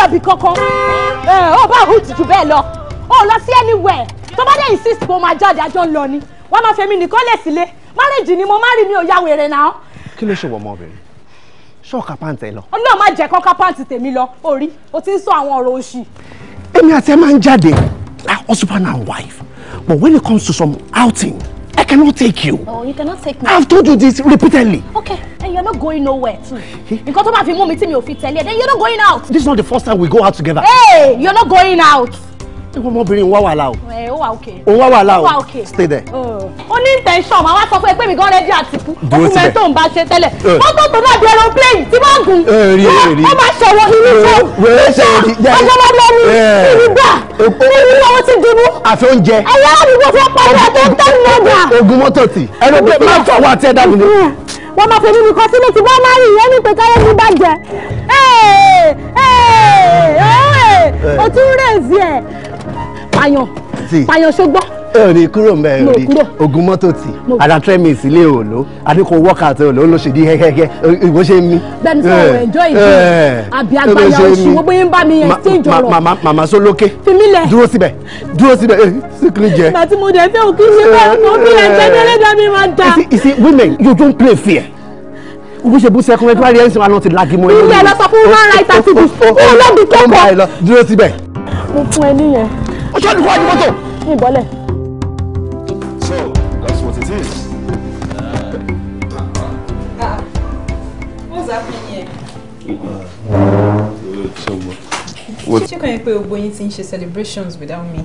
lọ bí kankan ó bá root jù bẹ́ẹ̀ lọ ó lọ sí anywhere tó bá dé insist pé ó máa jáde àjọ ń lọ ni wọ́n máa fẹ́mi nìkan lè sílé márèjì ni mo má rí mi ò ya wèrè náà. kí ló ṣe wọ ọmọbìnrin ṣọ́ọ̀kà pàǹtì ẹ lọ. ọlọ́run má jẹ́ kọ́ka pàǹtì tèmi lọ orí o ti ń sọ àwọn ọ̀rọ̀ òṣì. èmi àti ẹ máa ń jáde like husband and wife but when it comes to some outing cannot take you. Oh, you cannot take me. I've told you this repeatedly. Okay, and you're not going nowhere too. Because tó bá fi mú mi tí mi ò then you're not going out. This is not the first time we go out together. Hey, you're not going out ṣé kò mọbìnrin ń wá wàhálà o. ẹ ó wà òkè. ó wà wàhàlà o stay there. ó ní intention màá wá sọ fún ẹ pé mi gan rẹ́dí àti kú ọkùnrin mi tó ń bá ṣe tẹ́lẹ̀ mọ́tò tó náà di aeroplane tí wọ́n gùn ó máa ṣẹ̀wọ̀ nínú iṣẹ́ ọjọ́ lọ́dọ̀ mi ìrìgbà nínú ọwọ́ ti dìbò. àfi oúnjẹ. ẹ̀yà àdúgbò fún ọ̀pọ̀ tó ń tẹ́ wọ́n máa fèmí nìkan sílẹ̀ tí wọ́n máa rí ìyẹn ní pé káyé mi bàjẹ́ o tún rèézì ẹ̀ pààyàn pààyàn ṣogbọ́n èrè kúrò mbẹ èrè ogun mọ́tò tì ara tremins ilé òòló àdínkù workout òòló ló ṣe di hẹ́hẹ́hẹ́ ìwọ ṣe mí. bẹ́ẹ̀ni sọ ọ ẹjọ ìdí àbí àgbàyà oṣù wo bóyá ń bá mi yẹn tí ń jọrọ. màmá màmá sólókè dúró síbẹ̀ dúró síbẹ̀ síkìrì jẹ. bàtí mo dẹ̀ fẹ́ òkú ṣe bẹ́ẹ̀ mo fi ẹ̀jẹ̀ tẹ́lẹ̀ dá mi máa da. you see women you don't play fair bó ṣe bú sẹ́kún ẹgbẹ́ rẹ̀ ń sìn wá náà ti lágìmọ̀ ẹ̀ lórí. ilé ẹ̀ lọ sọ fún human rights activist fún olóògbé kẹ́kọ̀ọ́. dúró síbẹ̀. mo fún ẹ níyẹn. ó ṣe é dùkú àjùmọ̀tò. ìbọ̀lẹ̀. So, that's what it is. Uh, uh, what's happening here? ṣé kàn yín pé gbogbo celebrations without me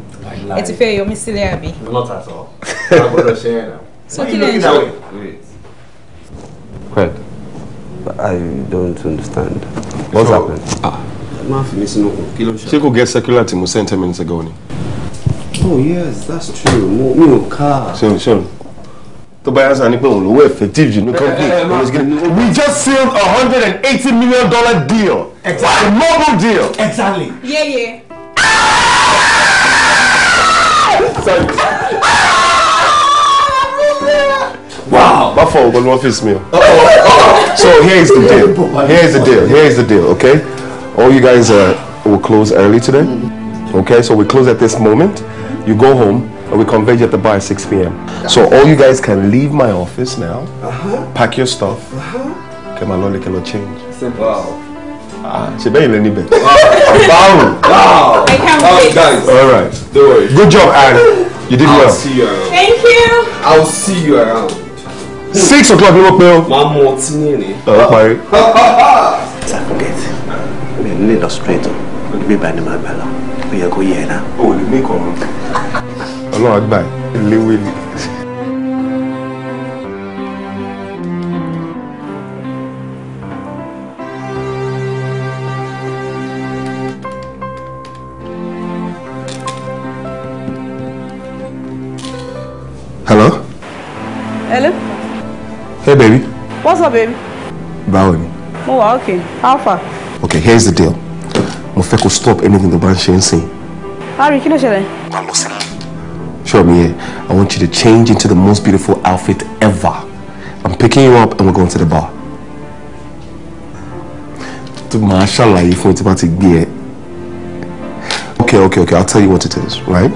It's fair, you're yọmí sílẹ̀ àbí. not at all I'm going to share now. so kí lè ṣe. Fred, I don't understand. What's so, happened? Ah. Má fi mi sínú kù. Kí ló get circular tí mo send ten minutes ago oh yes that's true mo mi ò ká. ṣeun ṣeun tó bá yánsá ni pé òun lówó effective you ní eh, company eh, eh, we just sealed a hundred and eighty million dollar deal exactly. a mobile deal. exactly. yeah, yeah. wow. That fall will office, face me. So here is the deal. Here is the deal. Here is the deal. Okay, all you guys uh, will close early today. Okay, so we close at this moment. You go home and we converge at the bar at 6 p.m. So all you guys can leave my office now, uh -huh. pack your stuff, uh -huh. come along, they cannot change. Simple. Wow. Ah, she better than me. Wow. Wow. I can't wait. Guys. All right. Don't worry. Good job, Anne. You did I'll well. I'll see you around. Thank you. I'll see you around. Six o'clock ló pẹ́ o. Máa mú ọtí ní ìrìn. Ọ̀ parí. Ṣàkókè tí mi ò ní lọ straight up gbégbá ni màá gbà lọ ó yẹ kó yẹ ẹ náà. o ò mú ọlọ́run àgbà ẹ̀ léwé ni. Hello? Hello? Hey, baby. What's up, baby? Báwo ni? Mo wà okay. How far? Okay, here's the deal mo fẹ́ kó stop anything tó bá ń ṣe ń sìn. Ari kí ló ṣẹlẹ̀? Má lọ sí. Sure mi yẹn, I want you to change into the most beautiful outfit ever. I'm picking you up and we're going to the bar. Tó máa ṣàlàyé fún ẹ tí bá ti gbé ẹ. Okay, okay, okay, I'll tell you what it is, right?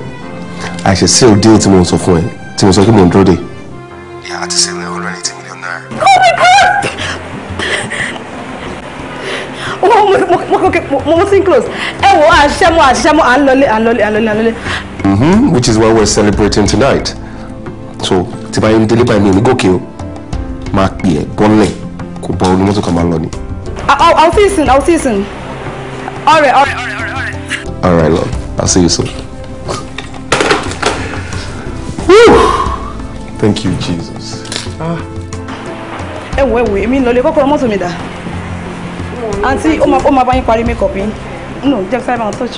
I ṣe seal deal tí mo sọ fún ẹ, tí mo sọ pé mo ń dúró de. Yeah, àti sẹ́yìn. mo ti ń close ẹ wo àṣẹ mo àṣẹ mo à ń lọlé à ń lọlé à ń lọlé à ń lọlé. Mm-hmm, which is why we're celebrating tonight so tí báyìí ń délé báyìí mi ò ní gòkè o máa pè ẹ bọ́lẹ̀ kò bọ́ olúmọ́tò kan máa lọ ni. I'll see you soon I'll see you soon. All right, all right, all right, all right. All right, love. I'll see you soon. Woo! Thank you, Jesus. Ah. Ẹ wo ẹ wo èmi ń lọlé kọ́kọ́rọ́ mọ́tò mi dà àǹtí ó máa bá yín parí makeup yín no just sáré máa touch.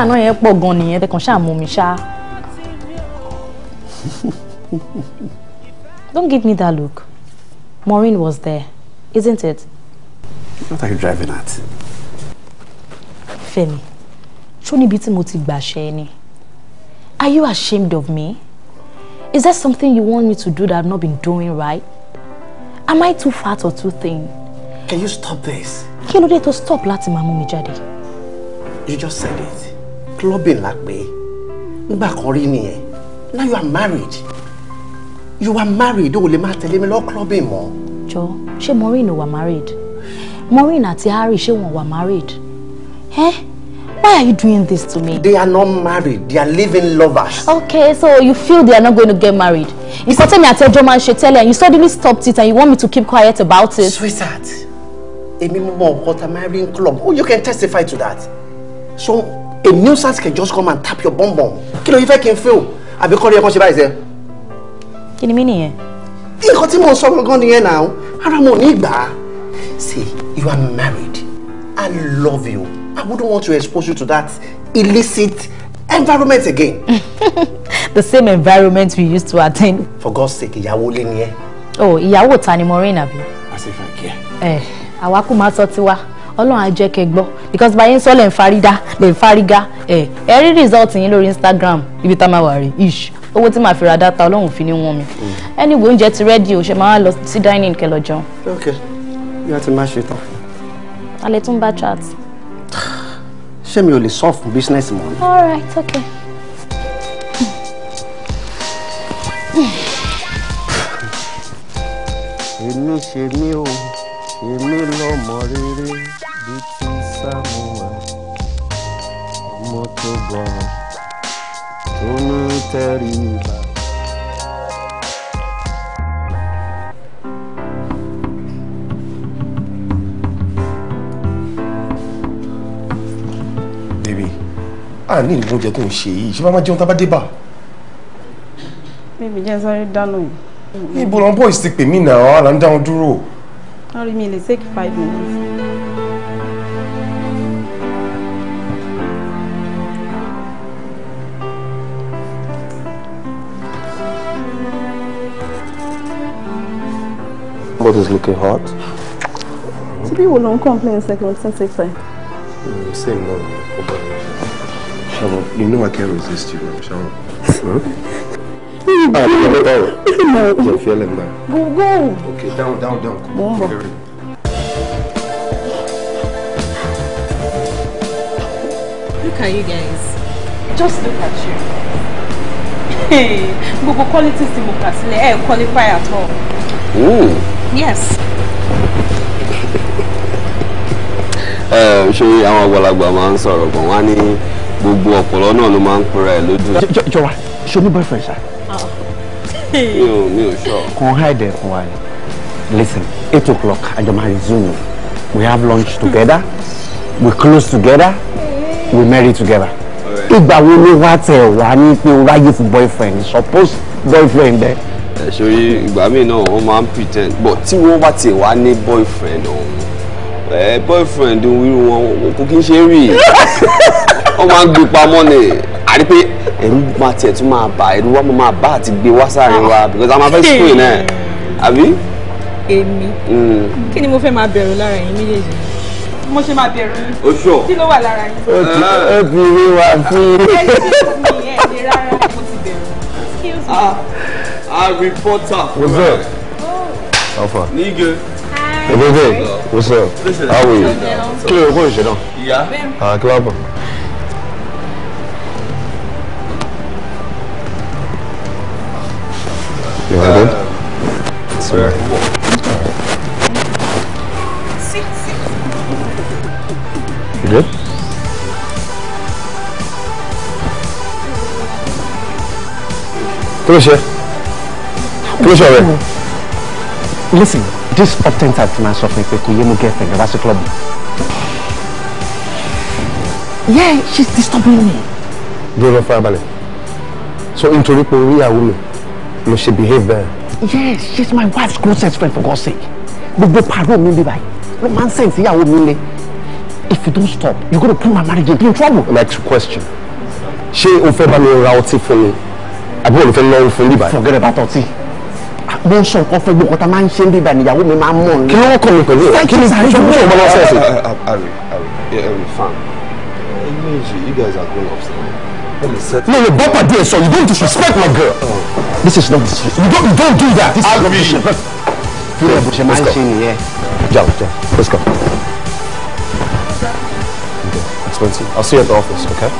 àná yẹn pọ̀ gan nìyẹn tẹkàn ṣáà mú mi ṣá. Don't give me that look. Maureen was there, isn't it? What are you driving at? Femi, ṣó níbi tí mo ti gbàṣẹ ni? Are you ashamed of me? Is there something you want me to do that I've not been doing right? Am I too fat or too thin? Can you stop this? Kí ló dé tó stop láti máa mú mi jáde? You just said it clubbing la pé ngbà kan rí nìyẹn now you are married you are married o lè máa tẹ̀lé mi lọ clubbing mọ́. jọ ṣé maureen wà married maureen àti harry ṣé wọn wà married. Eh? Why are you doing this to me? They are not married. They are living lovers. Okay, so you feel they are not going to get married. Nǹkan tẹ́mi tell ẹjọ́ máa ń ṣe tẹ́lẹ̀ and you suddenly stopped it and you want me to keep quiet about it. Sweetheart, èmi mọ̀ nǹkan tá a marrying club. Oh, you can testify to that. So a nuisance can just come and tap your bum bum kí ló yí fẹ́ kí n fẹ́ o àbí kọ́ ló yẹ kó ṣe báyìí sẹ́. kí ni mí nìyẹn. nǹkan tí mò ń sọ gangan nìyẹn náà ara mo ní ìgbà. see you are married i love you i wouldn't want to expose you to that illicit environment again. the same environment we used to attend. for God's sake ìyàwó lé ni ẹ. oh ìyàwó ta ni mo rí nàbí. as if i care. ẹ eh, àwa kò máa sọ tiwa ọlọ́run á jẹ́ kẹ́ gbọ́ because báyìí ń sọ lẹ̀ ń farida lẹ̀ ń fariga ẹ̀ ẹ rí result yín lórí Instagram ibi tá a máa wà rí ish owó tí màá fi ra data ọlọ́run fi ní wọ́n mi mm. anyway oúnjẹ ti rẹ́dí o ṣe máa lọ sí dining kẹ́ lọ jẹun. ok bí wọ́n ti máa ṣe tán. a lè tún bá chat. ṣé mi ò lè solve business mọ́ ni. all right okay. inú ṣe mí o èmi lọ́mọ rere létí samuel ọmọ tó gbọ́n tó ní tẹríba. bèbè a ní ìlú oúnjẹ tó ń ṣe yìí ṣé bá máa jẹun tá a bá dé bá. bèbè jẹ́ sáré dáná yìí. níbo làwọn boys ti pè mí náà àwọn àlàndà wọn dúró. wọ́n rí mi lè take five minutes. Somebody's looking hot. So people don't complain like what's the same time. Mm, same no. Sharon, you know I can't resist you, Sharon. Hmm? hmm. Ah, no, hmm. Go, go. Okay, down, down, down. Come on. Look at you guys. Just look at you. Hey, Google qualities in Mukasile, air qualify at all. Ooh yes. ṣé àwọn àgbàlagbà máa ń sọ̀rọ̀ gan wá ní gbogbo ọpọlọ náà ló máa ń pera lójú. jọba ṣe ní boyfriend ṣá. mi ò mi ò sọ. kan hide ẹ̀ fún wa ni listen eight o'clock àjọmọ̀ resume we have lunch together we close together we marry together. ìgbà wo ló wá tẹ̀ wá ní pé o fún boyfriend suppose boyfriend ẹ̀. Eh? sórí ìgbà míì náà wọ́n máa ń pretend but tí wọ́n bá ti wá ní boyfriend ọ̀hún ẹ boyfriend wíru wọn kò kí n ṣe rí wọ́n máa ń gbé pamọ́ ni àti pé ẹ̀rú máa tiẹ̀ tún máa bà ẹ̀rú wa máa bá àti gbé wá sáàrin wa because a máa fẹ́ school náà àbí. èmi mm. kí ni mo fẹ́ máa bẹ̀rù lára ẹ̀yin méjèèjì mo ṣe máa bẹ̀rù yín. o ṣọ kí ló wà lára yín. ó ti rí wa fún. ẹ ṣe mi ẹ̀ lè rárá mo ti bẹ̀rù. I reporter. What's up? Oh. How far? Nigga. Hi. Hey, baby. What's up? Listen, How are you? Clear, what is it on? Yeah. Ah, uh, clap. You want uh, it? It's You good? Come here kí ló listen this often type ti máa sọ fún mi pé kò yé mo club. yeah she's disturbing me. dúró lọ farabalẹ̀ so into pé orí ìyàwó mi mo ṣe behave there. yes she's my wife's closest friend for God's sake but gbogbo paro me bí báyìí ló máa ń sẹ́ǹsì ìyàwó if you don't stop you're gonna put my marriage in trouble. next question She o fẹ́ bá mi ra ọtí fún mi àbí o lè fẹ́ forget about ọtí mo ń sọ nǹkan fún gbogbo ta máa ń ṣe ń bíbá ìyàwó mi máa ń mọ̀ ní. kí ló ń kọ́ mi pẹ̀lú ẹ̀ kí ni ìṣòro ìṣòro bọ́lá ṣẹ̀ sí. Harry Harry fan méjì you guys are grown ups now. no no bọ́pà díẹ̀ sọ you don't disrespect my girl. this is not disrespect you don't you don't do that. this is not disrespect. fi ẹ̀ bó ṣe máa ń ṣe nìyẹn. jao jao let's go. expensive. I'll see you at the office, okay?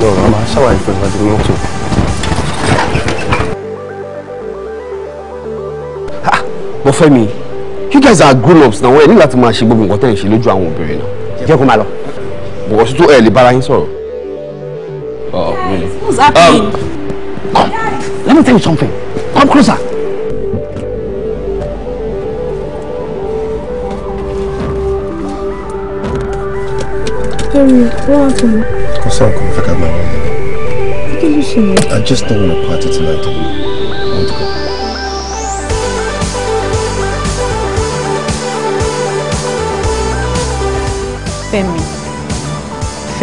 No, I'm a shower in front of the motor. bọ́ Fẹ́mi you guys are grown ups náà wọ́n ẹ̀ ní láti máa ṣe gbogbo nǹkan tẹ̀ ń ṣe lójú àwọn obìnrin náà jẹ́ kó máa lọ bọ̀wọ̀ tuntun ẹ̀ lè bára yín sọ̀rọ̀. Um, come let me tell you something come closer. Jerry, what happened? Kò sọ̀rọ̀ kò fẹ́ ká máa wọlé. I just don't want to party tonight.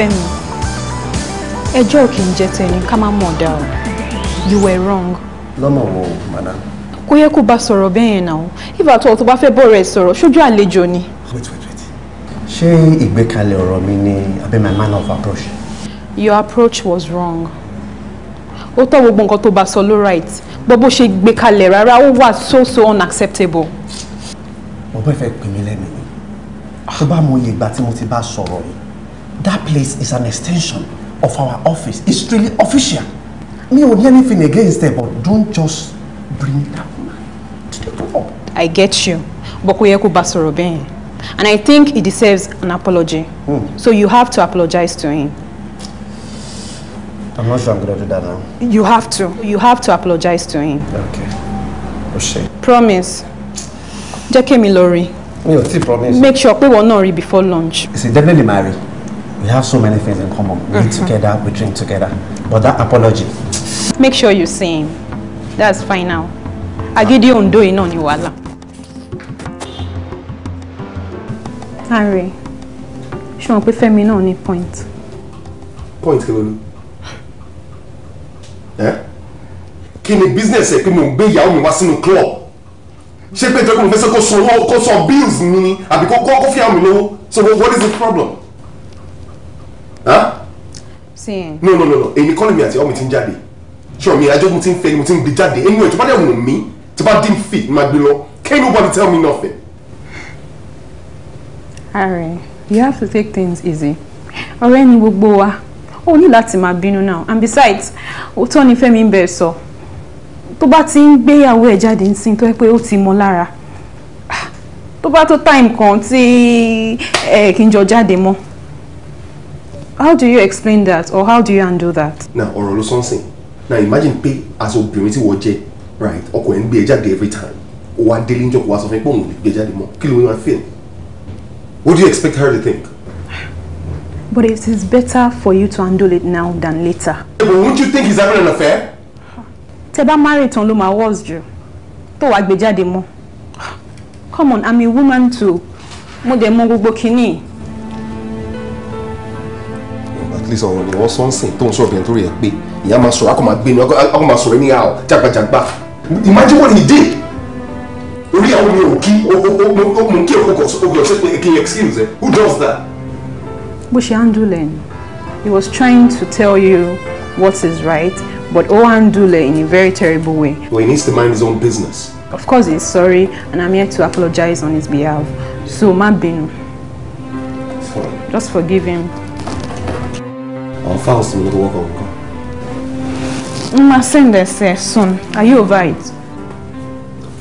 Fẹ́mi ẹjọ́ kì í jẹ́ tẹni ká má mọ̀ dá o you were wrong. lọ́mọ wo madam. kò yẹ kó bá sọ̀rọ̀ bẹ́ẹ̀ yẹn náà ìbá tó tó bá fẹ́ bọ̀rọ̀ ẹ̀ sọ̀rọ̀ sójú àlejò ni. wait wait wait ṣé ìgbékalẹ̀ ọ̀rọ̀ mi ni abẹ́ my man of approach. your approach was wrong. ó tọ́ gbogbo nǹkan tó bá sọ ló right bọ́ bó ṣe gbé kalẹ̀ rárá ó wà so so unacceptable. mo bẹ́ẹ̀ fẹ́ pè mí lẹ́nu tó bá mọ iye ìgbà tí mo ti bá sọ̀rọ̀ yìí That place is an extension of our office. It's really official. Me won't hear anything against them, but don't just bring that woman to the club. I get you. But kò yẹ kó bá sọ̀rọ̀ bẹ́ẹ̀ And I think he deserves an apology. Mm. So you have to apologize to him. I'm not sure I'm going to do that now. You have to. You have to apologize to him. Okay. Oṣé. Promise. Jẹ́ kí mi lọ rí. Mi promise. Make sure we wọ́n náà rí before lunch. It's definitely married we have so many things in common. We mm -hmm. eat mm-hmm. together, we drink together. But that apology. Make sure you see him. That's fine now. Agídí Ondo iná ni wàhálà. Táre, ṣé wọn pé Fẹ́mi náà ní point? on kí point? Point, Kevin. kí ni business ẹ̀ pé mo ya gbé ìyàwó mi wá sínú club? Ṣé pé ìtọ́jú mi fẹ́ sọ kó sọ bills ni àbí kó kó fi àwọn mi lówó? So what is the problem? no no no no èmi kọ́ lèmi àti ọmọ mi ti ń jáde ṣọ mi àjọ mi ti ń fẹ́ ni mo ti ń gbé jáde ẹnu ẹ̀ tó bá dẹ̀ wùn mí tó bá dín fì ni gbé lọ can nobody tell me nothing. Harry, you have to take things easy ọ̀rẹ́ ni gbogbo wa ó ní láti máa bínú now and besides òótọ́ ni Fẹ́mi ń bẹ̀ sọ tó bá ti ń gbéyàwó ẹ̀ jáde ń sin tó yẹ pé ó ti mọ lára ah, tó bá tó time kan tí ẹ eh, kì í jọ jáde mọ́ how do you explain that or how do you undo that. na ọ̀rọ̀ ló something. na imagine pé as obìnrin tí wọ́n jẹ́ right ọkọ ẹ̀ ń gbé e every time ó wá délé níjọ́ kó wá sọ fún ẹ pé òun ò lè gbé ẹ e jáde mọ́ feel what do you expect her to think. But it is better for you to undo it now than later. Yeah, but won't you think he's having an affair? Tẹ́ bá marry tán ló máa worse jù. Tó wá gbé e jáde mọ́. Come on, I'm a woman too. Mo dẹ̀ mọ gbogbo kini least ọ̀rọ̀ ni wọ́n sọ ń sìn tó ń sọ̀rọ̀ bẹ̀rẹ̀ tó rẹ̀ pé ìyá máa sọ̀rọ̀ akọ̀ máa gbé ni akọ̀ máa sọ̀rọ̀ anyhow jàgbàjàgbà imagine what he did orí àwọn mi ò kí mo kí òkò ọ̀sẹ̀ pé kí n excuse ẹ who does that. bó ṣe handle ni he was trying to tell you what is right but o handle in a very terrible way. well he needs to mind his own business. of course he's sorry and i'm here to apologize on his behalf so má bínú just forgive him àwọn fáwọsì mi ló wọkọ wọkọ. ma send ẹ sẹ soon are you over it.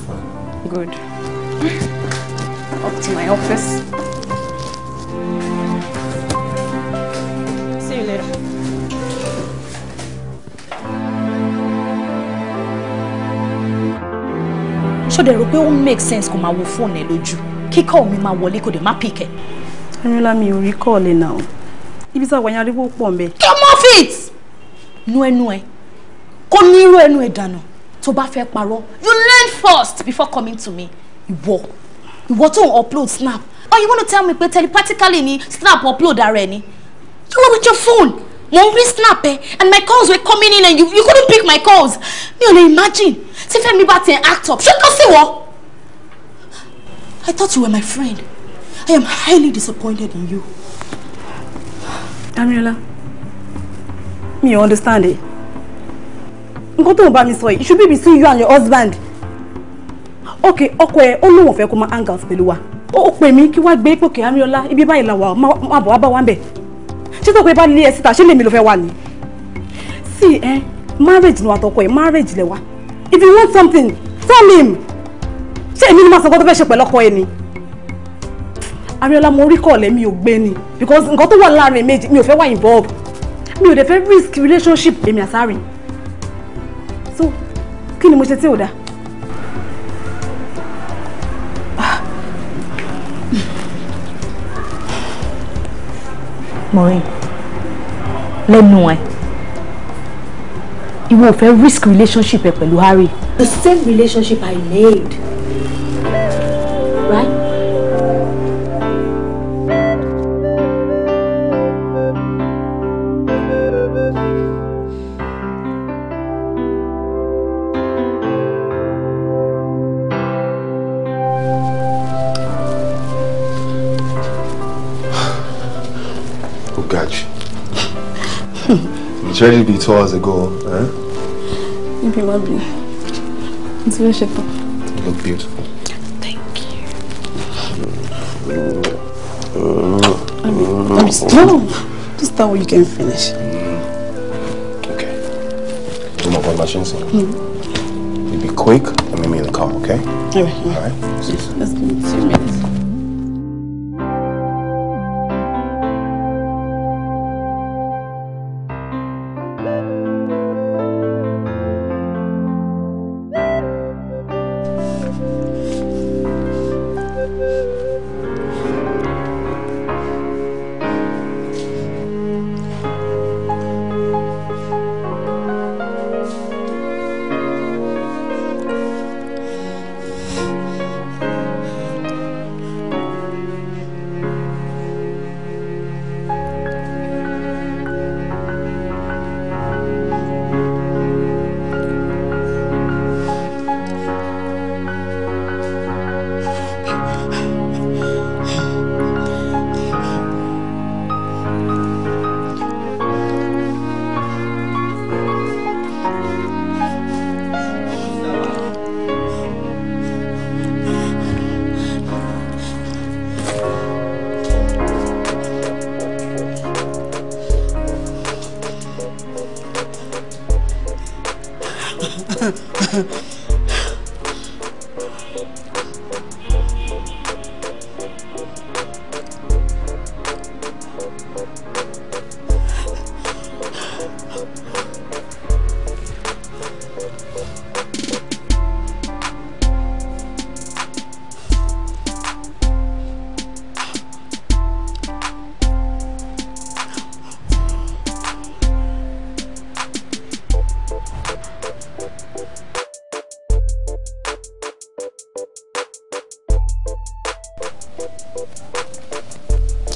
Fine. good up to my office. See you later. ṣó dẹ̀ rò pé ó make sense kò máa phone. fóònù ẹ̀ lójú kíkọ́ mi máa wọlé kò dẹ̀ má pìkẹ́. Arínlámi ò rí kọ́ọ̀lì now ibi tí àwọn ariwo pọ̀ ń bẹ. come off it nu ẹnu ẹ kó ní irú ẹnu ẹ dànù tó bá fẹ́ parọ́ you learn first before coming to me ìwọ ìwọ tó ń upload snap Or you wanna tell me pé telepathically ni snap upload ara ẹ ni you were with your phone mo ń rí snap ẹ and my calls were coming in and you, you couldn't pick my calls mi ò lè imagine tí Fẹ́mi bá ti act up ṣé kò sí wọ. I thought you were my friend I am highly disappointed in you. Damiola, me understand it. Nǹkan tó ń bá mi so. yìí, it should be between you and your husband. Okay, ọkọ ẹ̀ ó lóun fẹ́ kó angles, hang out pẹ̀lú wa. Ó pè mí kí wá gbé pòkè Amiola, ibi báyìí la wà, máa bọ̀ wá bá wa ń bẹ̀. Ṣé tó pé bá lé ẹ síta, ṣé lèmi ló fẹ́ See, eh, marriage ni wà tọkọ marriage lẹ wà. If you want something, tell him. Ṣé èmi ni màá sọ pé tó fẹ́ ṣe pẹ̀lú ọkọ ẹ ni? Ariola mo rí kọ̀ọ̀lẹ́ mi ò gbé ni because nǹkan tó wà láàrin méjì mi ò fẹ́ wà involved mi ò dẹ̀ fẹ́ risk relationship èmi àsárin so kí ni mo ṣe tí ò dáa. Ah. Maureen lẹ́nu ẹ̀ ìwọ ò fẹ́ risk relationship ẹ pẹ̀lú Harry. The same relationship I made right. should really be two hours ago. Eh? You be my bee. It's very shape. You look beautiful. Thank you. I mean, I'm slow. Just that way you can finish. Mm. Okay. Do my machines. You hmm. be quick and meet me in the car, okay? Alright. Alright. Let's go.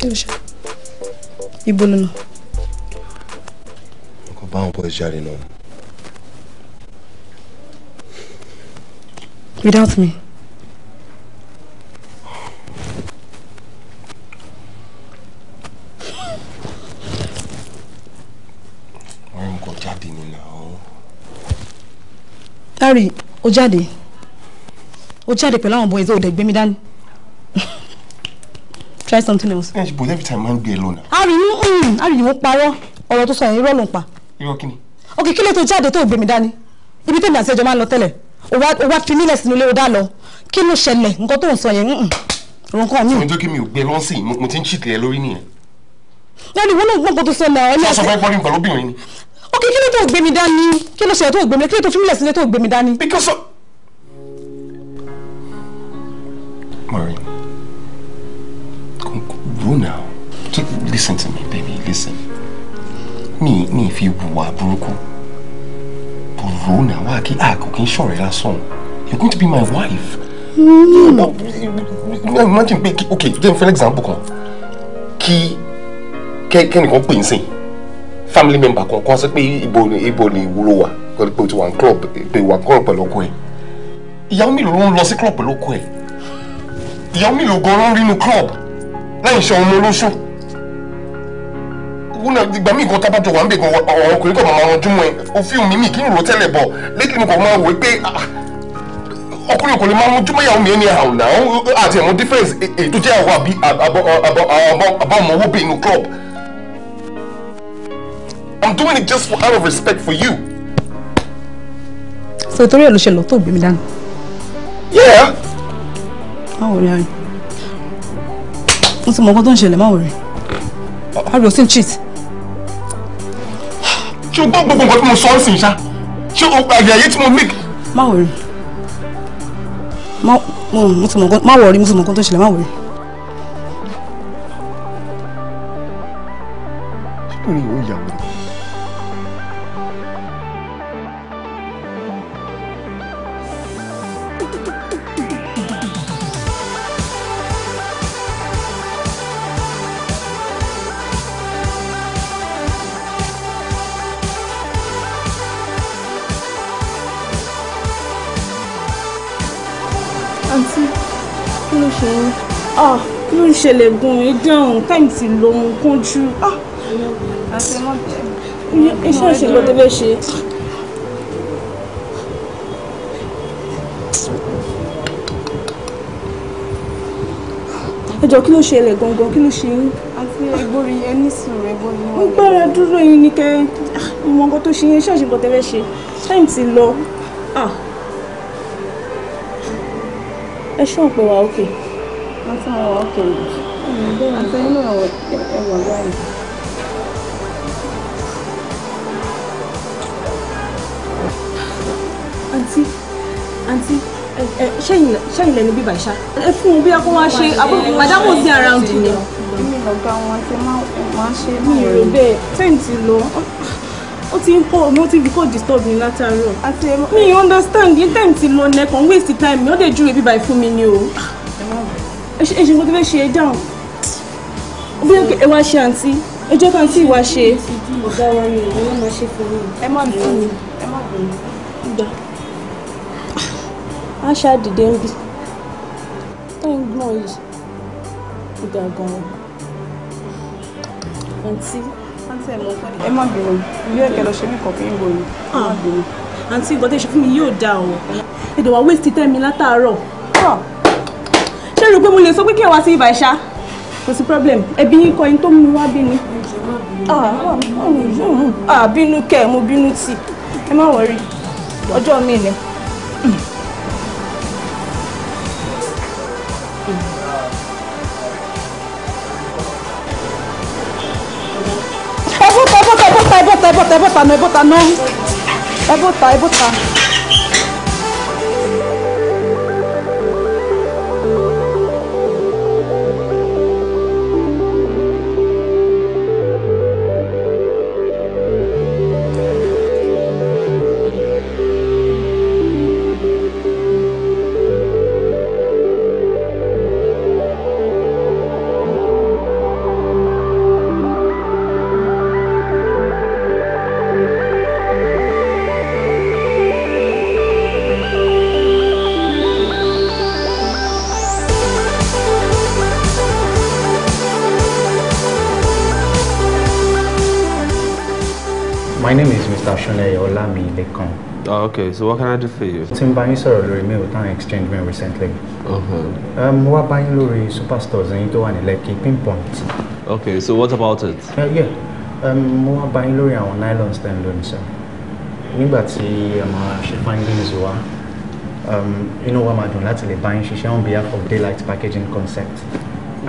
kí ló ṣe ibo ló nà. nǹkan báwọn bọ́ ìjáde náà. without me. ọ̀run kò jáde nínú àwọn. Larry o jáde o jáde pẹ̀lú àwọn boys o dẹ̀ gbé mi dání try something else. ẹ ṣùgbọ́n every time I'm ń gbé e lónà. arìnrìn arìnrìn ó parọ́ ọ̀rọ̀ tó sọ yẹn irọ́ ló ń pa. irọ́ kí ni. ok kí lè tó jáde tó gbèmí dání ibi tèmi àti ẹjọ́ máa ń lọ tẹ́lẹ̀ ó wá fi nílẹ̀ sínú no ó No, lọ kí ló ṣẹlẹ̀ nǹkan tó ń sọ yẹn òun kàn mí. ìjọ kí mi ò gbé e lọ́sìn mo ti ń ṣì tẹ̀ lórí nìyẹn. lẹ́nu ìwé náà gbọ́n kó tó sọ náà ẹ lẹ́sẹ̀. sọ fẹ́ gbọ́dọ̀ pẹ̀lú obìnrin ni. ok kí ló tó gbé mi dání kí ló ṣẹlẹ̀ tó gbé mi kí ló tó fi nílẹ̀ sílẹ̀ tó because. Maureen. listen to me baby listen Me, me. If you fi wùwà burúkú bùrù náà wá I àgò kí n that song. you're going to be my wife. Mm. No, imagine okay Then for example kan kí kẹ́nìkan pè ń sìn family member kan kan sọ pé ibo ni ibo ni ìwúlò wà pẹ̀lú pé club pé wà ní club pẹ̀lú ọkọ ẹ̀ ìyàwó mi ló ń lọ club pẹ̀lú ọkọ ẹ̀ ìyàwó mi ló gan-an rí inú club láì ṣe ọmọ olóṣù wúnà ìgbà míì kan tábàjọ wà ń bè kan ọkùnrin kan máa ranjú mọ́ ẹ òfin mi mi kí n rò tẹ́lẹ̀ bọ̀ lẹ́kìn mi kàn máa wò pé ah, ọkùnrin kò lè máa ranjú mọ́yàwó mi ẹni àrùn náà àti ẹ̀mú difference èyí e, e, jẹ́ àwọn àbí àbá ọmọ owó bẹ́ẹ̀ inú club. I'm doing it just for, out of respect for you. so torí ẹ̀ ló ṣe lọ tó gbé mi yeah. báwo ni a rìn mo ti mọ nǹkan tó ń ṣẹlẹ̀ máa wò rẹ̀. I was still cheat ṣé o gbọ́ gbogbo nǹkan tí mo sọ ọ́ sìn ṣá ṣé o àyàyé tí mo mí. má wọrí má wọrí mo ti mọ̀ nǹkan tó ṣẹlẹ̀ má wọrí. nítorí ìwé àǹtí kí ló ṣe yín kí ló ń ṣẹlẹ̀ gan ẹ dáhùn táìmù ti lọ òun kún jù iṣẹ́ ìṣègùn tó fẹ́ ṣe. ẹjọ́ kí ló ṣẹlẹ̀ gangan kí ló ṣe yín. àti egbòrin yẹn ní sùúrù egbòrin wọn. ń gbára dúró yín ni kẹ́ ẹ mọ nǹkan tó ṣe yín iṣẹ́ ìṣègùn tó fẹ́ ṣe táìmù ti lọ. Ah ẹ ṣùn pé wà ókè. wọ́n tún wà ókè nù àti inú ẹ̀wọ̀n báyìí. àǹtí àǹtí ṣẹ́yìn lẹ́nu bíbá ìṣá ẹ fún un bí ẹ kó wá ṣe àbúrò sí around ni. mi ò ga wọn ti máa ń ṣe mí rò bẹ́ẹ̀ tẹ́ǹtì lọ ti ń kó omi ó ti fi kó disturb mi látàárọ̀. àti ẹ mi understand yín time ti lọ nẹkan waste time mi ó lè júwe bíbá ìfún mi ni o. ẹ ṣe nǹkan tó fẹ́ ṣe é dáhùn. ó bí ẹ wá ṣe àǹtí ẹ jẹ́ káǹtí ìwà ṣe. ọ̀gá wa ni ìwé máa ṣe fún mi. ẹ má bínú mi ẹ má bínú mi. gbà á ṣáà dìde ń bì. tó ń gbọ́n yìí. ìgbà àǹtí ẹ má bínú ilé ẹ̀kẹ́ lọ ṣe mí kọ̀ọ̀kan ń bọ̀ ni ẹ má ah. bínú. àǹtí nǹkan tẹ́ ṣe fún mi yóò dáa o èdè wa waste time mi látàárọ̀ ah. ṣé rò pé mo lè sọ pé kí ẹ wá sí ibà ìṣá kò sí problem ẹbí yín kọ́ ẹni tó mú wá bí ni. àbínú ah, kẹ́ ẹ̀ mo bínú tì ẹ má wọrí ọjọ́ mi ni. bọ́ta náà ẹ bọ́ta náà ẹ okay so what can I do for you. tí buying bá yín sọ̀rọ̀ lórí mail tán exchange mail recently. Uh-huh. mo Um, what buying lórí superstores yín tó wà ní Lekki pinpoint. okay so what about it. Yeah, mo wá bá yín lórí àwọn nylons ten lónìí sọ nígbà tí ṣe findings wa um, you know what? láti lè bá yín she on behalf of daylight packaging concept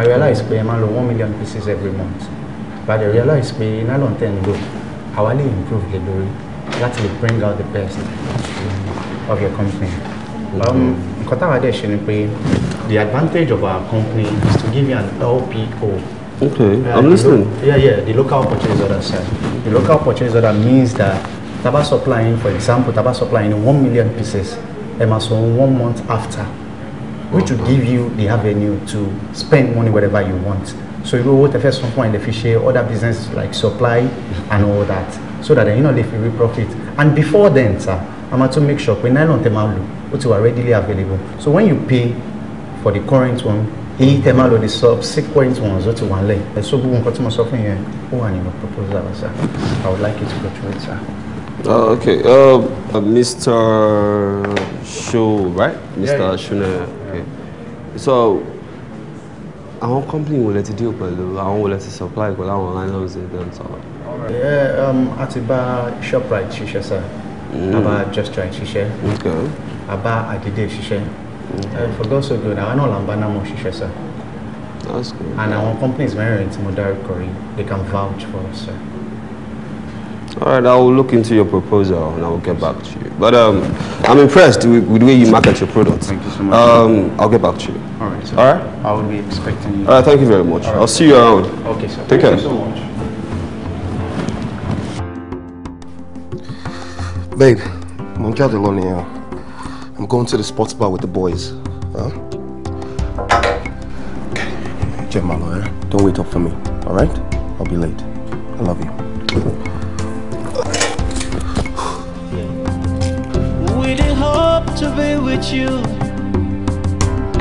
i realize we ẹ máa one million pieces every month but i realize we nylon ten lo How lè improve the lórí láti lè bring out the best of your company. Um, Kota the advantage of our company is to give you an LPO. Okay, uh, I'm listening. yeah, yeah, the local purchase order, sir. The local purchase order means that Taba supplying, for example, Taba supplying one million pieces, Amazon one month after, which will give you the avenue to spend money wherever you want. So you go what first one in the fish, other business like supply and all that, so that you know if you profit. And before then, sir, a máa tún make sure pé nylon tẹ máa lò ó ti wà readily available so when you pay for the current one èyí tẹ máa lò the subsequent ones ó ti wà lẹ̀ ẹ̀ so gbogbo nǹkan tí mo sọ fún yẹn ó wà nínú proposal sir I would like you to go through it sir. Oh, um, uh, okay, uh, uh, Mr. Show, right? Mr. Yeah, yeah. Shuna. Okay. Yeah. So, our company wo lẹ ti deal pẹ̀lú àwọn will let ti supply pẹ̀lú àwọn landlords ẹ̀ dẹ̀ ń sọ̀rọ̀. àti bá Shoprite ṣiṣẹ́ Sir a bá gesture ṣiṣẹ́ a bá àdìdè ṣiṣẹ́ for God's sake àwọn náà là ń bá náà mọ̀ ṣiṣẹ́ sir and àwọn companies mẹ́rin tí mo dárúkọ rí they can vouch for us sir. All right, I will look into your proposal and I will get back to you. But um, I'm impressed with, with the way you market your products. Thank you so much. Um, I'll get back to you. All right, sir. All right? I will be expecting you. All right, thank you very much. Right. I'll see you around. Okay, sir. Take thank care. Thank you so much. Babe, I'm on child alone here. I'm going to the sports bar with the boys. Huh? Okay. Jeff eh? Don't wait up for me, alright? I'll be late. I love you. We did hope to be with you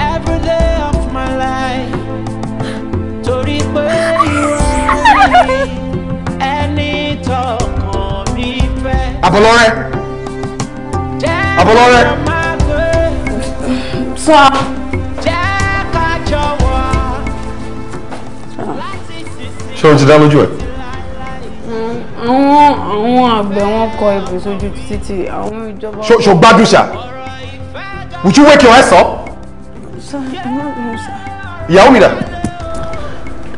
every day of my life. Tori, Àbọ̀lọ́rẹ́. Àbọ̀lọ́rẹ́. Sọ. Ṣé o ti dá lójú ẹ̀? Mm, àwọn àwọn àgbẹ̀ wọn kọ ebè sójú títì àwọn ìjọba. Ṣo gbádùn ṣá? Would you wake your ass up? Sir, I'm not here, sir. Ìyàwó mi dà?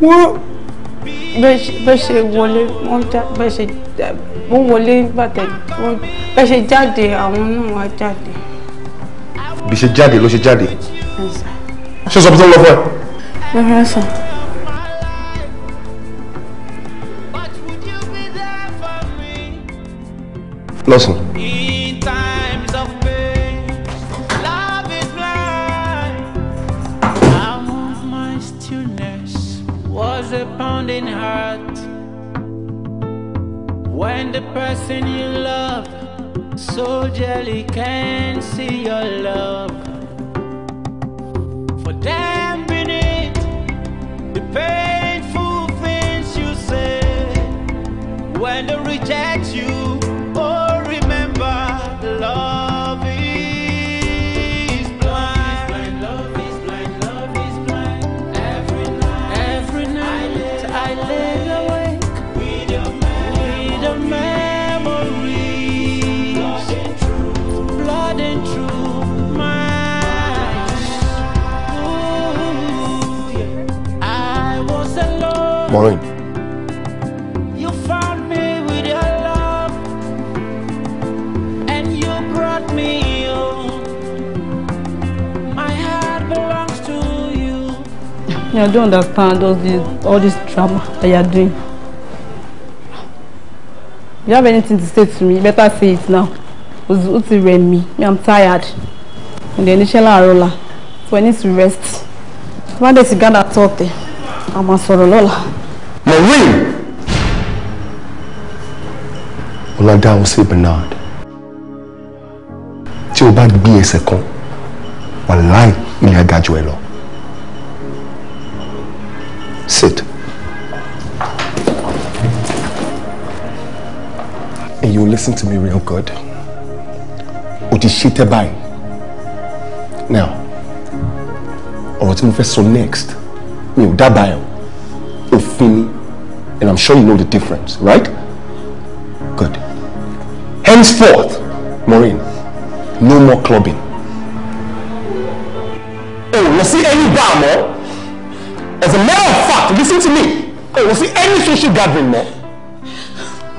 Wọ́n bẹ́ẹ̀ ṣe wọlé wọ́n já bẹ́ẹ̀ ṣe wọ́n wọlé bàtẹ́ bẹ́ẹ̀ ṣe jáde àwọn náà wá jáde. bí ṣe jáde ló ṣe jáde. ṣé sọ pé tó ń lọ fún ẹ. rárá sọ. lọ́sàn-án. jelly can't see your love. I don't understand all this, all this drama that you are doing. If you have anything to say to me, better say it now. Ó ti rẹ̀ mí. I'm tired. And then iṣẹ́ láàárọ̀ la. So I need to rest. Má dé sí gather talk I'm A máa Marie, we'll Maureen! Ọládàún sí Bernard. Tí o to be a second wàláì lie agájọ ẹ lọ. Sit. And you listen to me real good. Odishite bai. Now, or tí mo fẹ́ sọ next mi ò dábàá ẹ̀ and I'm sure you know the difference, right? Good. Henceforth, Maureen, no more clubbing. Oh, lọ see, any bá a As a matter of fact, listen to me. O ò see any social gathering mọ́.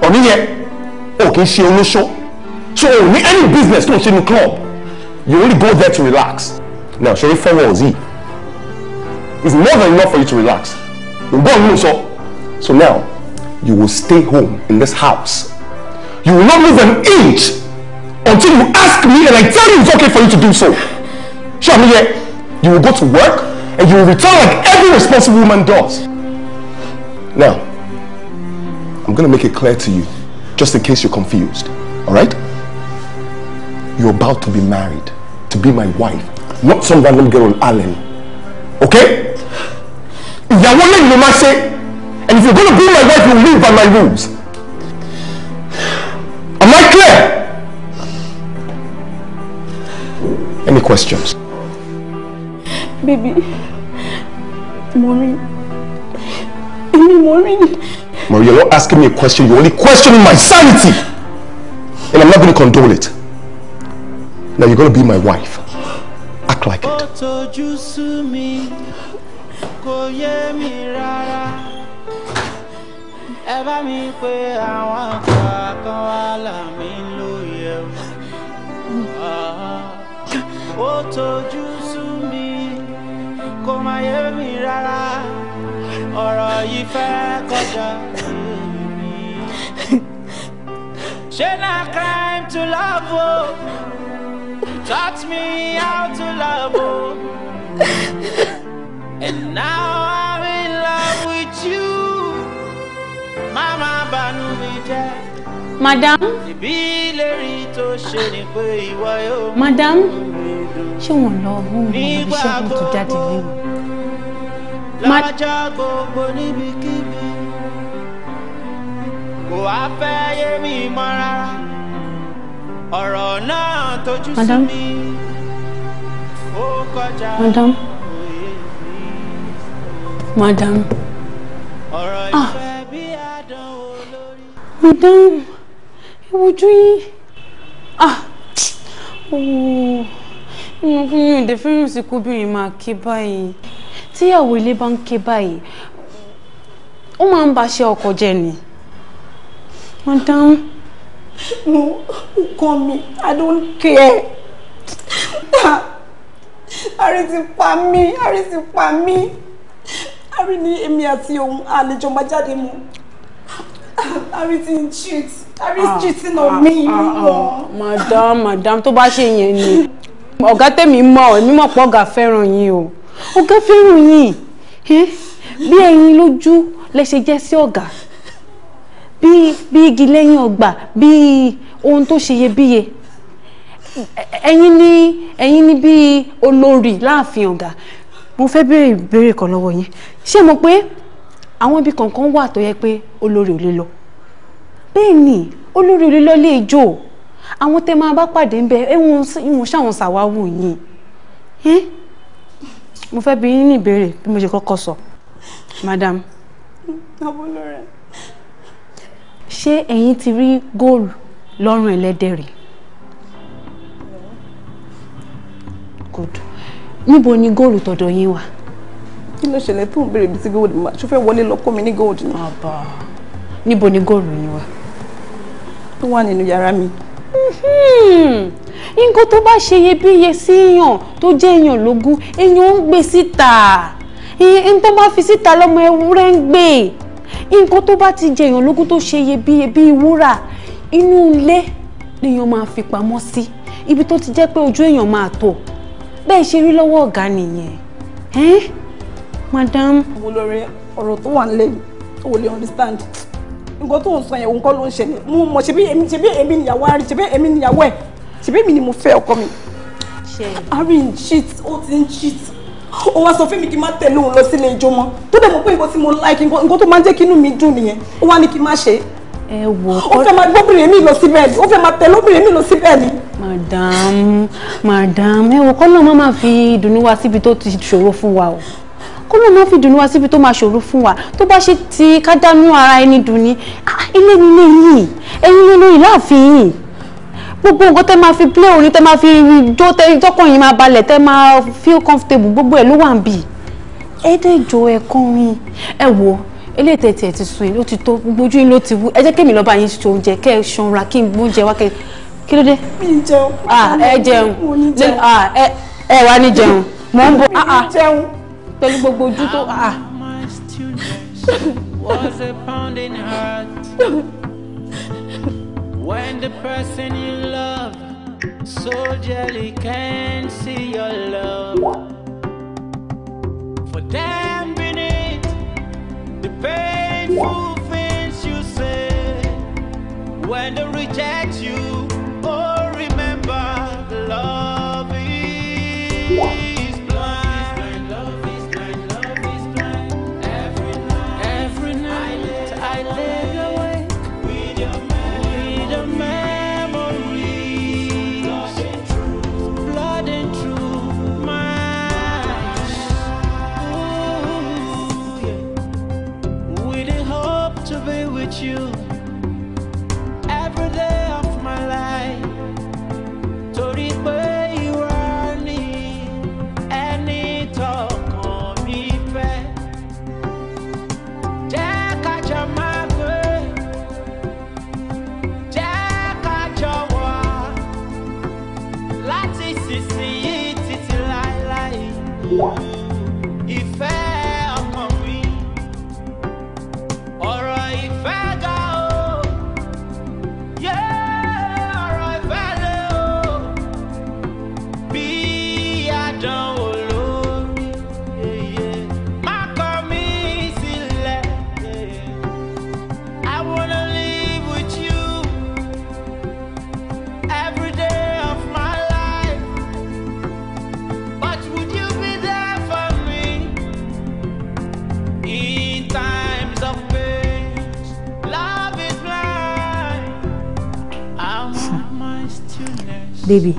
Ọ̀níyẹ, o kì í ṣe oníṣó. So o ní any business tó ń ṣe ní club. You only go there to relax. Now, ṣe four walls yìí. It's more than enough for you to relax. You go home, so. So now, you will stay home in this house. You will not move an inch until you ask me and I tell you it's okay for you to do so. Ṣé àmì yẹ? You will go to work and you will return like every responsible woman does. Now, I'm going to make it clear to you, just in case you're confused, all right? You're about to be married, to be my wife, not some random girl on island, okay? you're willing, you must say. and if you're going to be my wife, you'll live by my rules. Am I clear? Any questions? Baby, mo rí. Èmi mo Maria, you're not asking me a question. You're only questioning my sanity. And I'm not going to condole it. Now you're going to be my wife. Act like it. Kò yé mi kó má yé mi rárá ọ̀rọ̀ yìí fẹ́ kọjá mi. ṣé na crime to love o taught me how to love o and now I'm in love with you mama banu mi jẹ́. madam. ìbí rí tó ṣe ni pé ìwọ yóò. madam ṣé wọn lọ mú un lórí ṣẹ́gun tó jáde léwu. lọ́jọ́ madam madam ah madam ìwòjú yín ah ooo. Oh wọn fi yín ìdè fẹ́ràn sí kóbìnrin máa ké báyìí tíyàwó ilé bá ń ké báyìí ó máa ń baṣẹ ọkọ jẹ ni madam. no call me. i don't care àrí ti pa mí àrí ti pa mí àrí ni èmi àti òun àlejò máa jáde mu àrí ti ń cheat àrí ah, cheating on ah, me. Ah, madam madam tó bá ṣe yẹn ni ọ̀gá tèmi mọ̀ èmi mọ̀ pé ọ̀gá fẹ́ràn yín o ọ̀gá fẹ́ràn yín bí ẹyin lójú lẹ ṣe jẹ́ sí ọ̀gá bí bí igi lẹ́yìn ọgbà bí ohun tó ṣe iyebíye ẹyin ní ẹyin ní bí olórí láàfin ọ̀gá mo fẹ́ béèrè ìbéèrè kan lọ́wọ́ yín ṣé mo pé àwọn ibi kọ̀ọ̀kan wà tó yẹ pé olórí ò lè lọ bẹ́ẹ̀ ni olórí ò lè lọ lé ijó o àwọn tẹ máa bá pàdé ń bẹ ìwọ̀n ṣàwọn ṣàwáwò yìí mo fẹ́ bi yín ní ìbéèrè bí mo ṣe kọ́kọ́ sọ madam. ṣé ẹ̀yin ti rí góòlù lọ́rùn ẹlẹ́dẹ̀ rẹ̀? good níbo ni góòlù tọ̀dọ̀ yín wà? kí ló ṣẹlẹ̀ tó ń béèrè bí ti góòlù máa ṣó fẹ́ wọlé lọ mi ní góòlù ni. níbo ni góòlù yín wà? tó wà nínú yàrá mi. Hmm. nǹkan tó bá ṣe iyebíye síyàn tó jẹ́ èèyàn lógún èèyàn ń gbé síta ẹni tó bá fi síta lọ́mọ ewúrẹ́ ń gbé nǹkan tó bá ti jẹyàn lógún tó ṣe iyebíye bíi wúrà inú ilé lèèyàn máa fi pamọ́ sí ibi tó ti jẹ́ pé ojú èèyàn máa tó bẹ́ẹ̀ ṣe rí lọ́wọ́ ọ̀gá nìyẹn madam. mo lọ rẹ ọ̀rọ̀ tó wà nílẹ̀ o lè understand nǹkan tó ń sọ yẹn òun ló ń ṣẹlẹ̀ mo mọ̀ ṣebí èmi ṣebí èmi nìyàwó àárín ṣebí èmi nìyàwó ẹ̀ ṣebí èmi ni mo fẹ́ ọkọ mi. àárín cheat ó ti ń cheat ó wá sọ fún mi kí n má tẹ̀lé òun lọ sílé ijó mọ́ tó dẹ̀ mọ̀ pé nǹkan tí mo like nǹkan tó máa ń jẹ́ kí inú mi dùn nìyẹn ó wá ní kí n má ṣe. ẹ wò ó ó fẹ́ máa gbóbìnrin mi lọ síbẹ̀ ni o fẹ́ máa tẹ̀lé obìnrin mi lọ síbẹ̀ ni. madam madam ẹ wò kọ́ máa fi ìdùnnú wa síbi tó ti ṣòro fún wa o kọ́lọ́ náà fi dùnú wa síbi tó máa ṣòro fún wa tó bá ṣe ti ká dánú ara ẹni dùn ni ilé ni ilé yìí ẹ̀yin ló lóyìn láàfin yìí gbogbo nǹkan tẹ́ máa fi play orin tẹ́ máa fi jó tọkàn yìí máa balẹ̀ tẹ́ máa feel comfortable gbogbo ẹ̀ ló wà ń bì ẹ dẹ́ jọ ẹ kọrin ẹ wò eléyìí tẹ̀ ti sùn ó ti tó gbójú yín ló ti wú ẹ jẹ́ kémi lọ́ba yín ṣe oúnjẹ kẹ́ ẹ ṣanra kí n gbóúnjẹ wá kẹ́ kí ló dé. mi jẹun. ẹ jẹun ẹ wá ní jẹun mo ń bọ̀. mi jẹun. pẹ̀lú gbogbo ojú tó à. Ah. Was a pounding heart when the person you love so soldierly can not see your love for them beneath the painful things you say when they reject you. Oh, remember the love is. you Baby,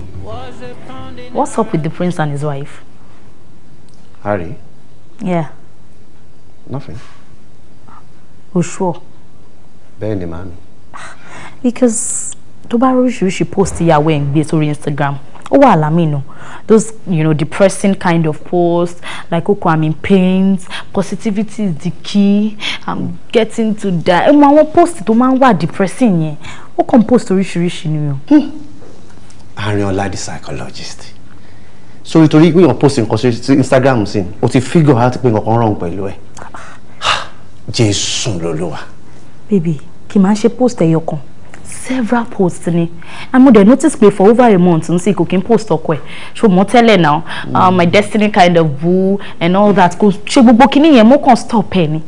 what's up with the prince and his wife? Harry? Yeah. Nothing. Oh, sure. Bẹ́ẹ̀ni, màámi. Because tó bá she post ìyàwó way in gbé on Instagram, ó wà no. Those, you know, depressing kind of posts, like, okay, I'm in pain, positivity is the key, I'm getting to die. Ẹ mọ àwọn post tó máa ń wà depressing yẹn, ó kàn post oríṣiríṣi nìyẹn. Arinola the psychologist So torí pé yàn post nǹkan sí Instagram sí o ti figure out pé nǹkan wrong pẹ̀lú ẹ̀ Jésù lolúwa. bèbè kì máa ń ṣe post ẹyọ kan several posts ni and mo dey notice pé for over a month n sì kò kí n post ọkọ ẹ so mo tẹ́lẹ̀ now ah, my destiny kind of woo and all that kò ṣe gbogbo kinní yẹn mo kàn stop ẹ ni.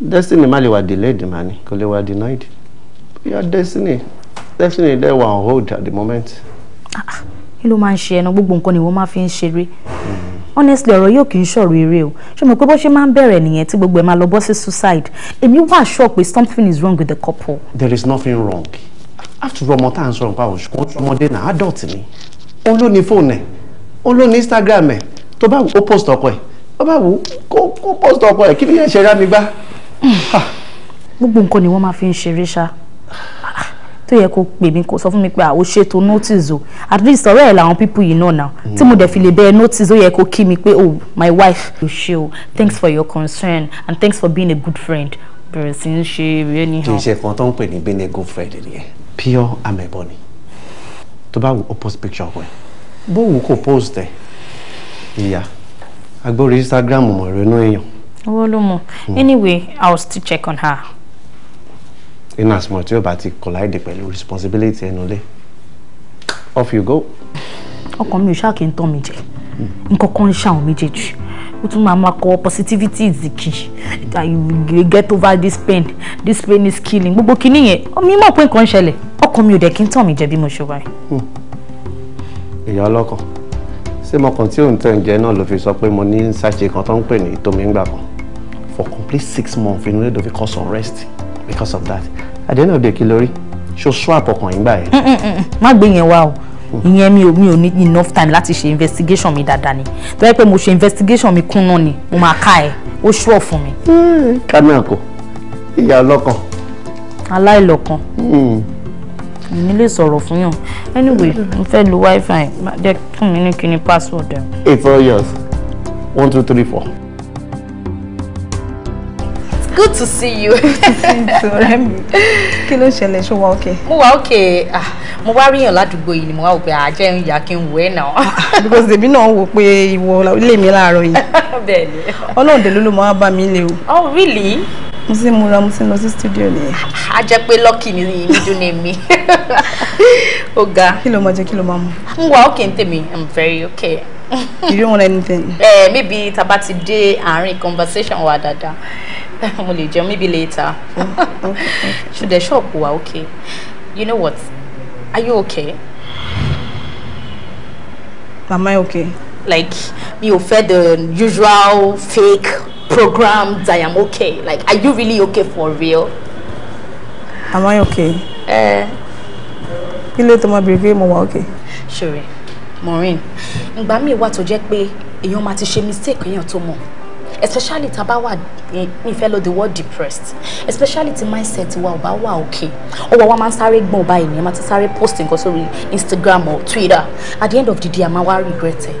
destiny má lè wà delayed mà ni kò lè wà denied Your destiny destiny dẹ̀ we're on hold at the moment. Ah, ah, kí ló máa ń ṣe ẹnu gbogbo nǹkan ni wọ́n máa fi ń honestly ọ̀rọ̀ yóò kì í ṣọ̀rọ̀ eré o ṣé mo pé bó ṣe máa ń bẹ̀rẹ̀ nìyẹn tí gbogbo ẹ̀ máa lọ bọ́ sí suicide èmi wà something is wrong with the couple. there is nothing wrong after all ọmọ tá à ń sọ̀rọ̀ nípa oṣù kan ọmọdé náà adult ni òun ló ní fóònù ẹ̀ òun ló instagram ẹ̀ tó bá wù post up. ẹ̀ tó bá wù post up. ẹ̀ kí ni ẹ̀ ṣe rá mi gbá. Hmm. gbogbo nǹkan ni wọ́n máa fi ń ṣeré ṣá ah, tó yẹ kó pè mí kó sọ fún mi pé àwọn ṣètò notice o at least ọ̀rẹ́ ẹ̀ làwọn people yìí náà náà tí mo dẹ̀ fi lè bẹ́ẹ̀ notice ó yẹ kó kí mi pé oh my wife you ṣe o thanks for your concern and thanks for being a good friend bẹ̀rẹ̀ sí ń ṣe eré ní hàn. kì í ṣe kan tó ń pè ní being a good friend nìyẹn pure amẹ̀bọ ni tó bá wù ó picture ọkọ ẹ bó wù post ẹ ìyá agbórí Instagram mọ̀ rẹ̀ nú èèyàn. owó ló mọ anyway I will still check on her in as much tí o bá ti collide pẹ̀lú responsibility ẹnu lé off you go. ọkàn mi ò ṣáà kí n tán mi jẹ nǹkan kan ń ṣàwọn méjèèjì ó tún máa máa kọ positivity is the key I get over this pain this pain is killing gbogbo kinní yẹn mi mọ̀ pé nǹkan ń ṣẹlẹ̀ ọkàn mi ò dẹ̀ kí n tán mi jẹ bí mo ṣe wáyé. Hmm. ìyá ọlọ́kàn ṣé mọ̀kàn tí òun tẹ̀ ń jẹ́ náà ló fi sọ pé mo ní ṣàṣe kan tó ń pè ní ìtòmíngbà kan for complete six months inú lè dò fi cause rest because of that at the end of the day kí swap ọkàn yín báyìí. Mm, mm, mm, má gbé yẹn wá o ìyẹn mi ò mi ò ní enough time láti ṣe investigation mi dáadáa ni tó yẹ pé mo ṣe investigation mi kúnná ni mo máa ká ẹ ó ṣùọ fún mi. Hmm, kánà kò ìyá ọlọ́kàn. aláìlọ́kàn hmm. mi lè sọ̀rọ̀ fún yàn anyway mo fẹ́ lo wifi jẹ́ fún mi ní kíni password. eight four years one two three four good to see you. good to see you too kí ló ṣẹlẹ̀ ṣó wa okay. mo wà okay ah, mo wá ríyàn ládùúgbò yìí ni mo wá wò pé àjẹ́ ń yà kí n wò náà. Ah, ah, because tèmi náà wò pé ìwọ ilé mi láàárọ̀ yìí. bẹ́ẹ̀ni. ọlọ́run dèlú ló máa bá mi lé o. oh really. mo ti múra mo ti lọ sí studio nìyẹn. a jẹ́ pé lucky ni ìdún ni mi. ó ga. kí ló máa jẹ kí ló máa mu. n wà okay ń tèmi i'm very okay. you don't want anything. ẹ eh, maybe tabati dé àárín conversation wa dáadáa. mo lè jẹun maybe later ṣùdẹ ṣọ́ọ̀pù wa okay you know what are you okay. am I okay. like mi offer the usual fake programs. I am okay like are you really okay for real. am I okay. Eh. You ló tó mọ bèrè okay. Sure. maureen ìgbà míì wà tó jẹ́ pé èèyàn máa ti ṣe mistake èèyàn tó mọ̀ especially tá a bá wà eh, mi fẹ́ lo the word depressed especially ti mindset wa ò bá wà òkè ọwọ́ wa máa ń sáré gbọ̀n báyìí ni a máa ti sáré post nǹkan sórí Instagram or Twitter at the end of the day a máa wá regret ẹ̀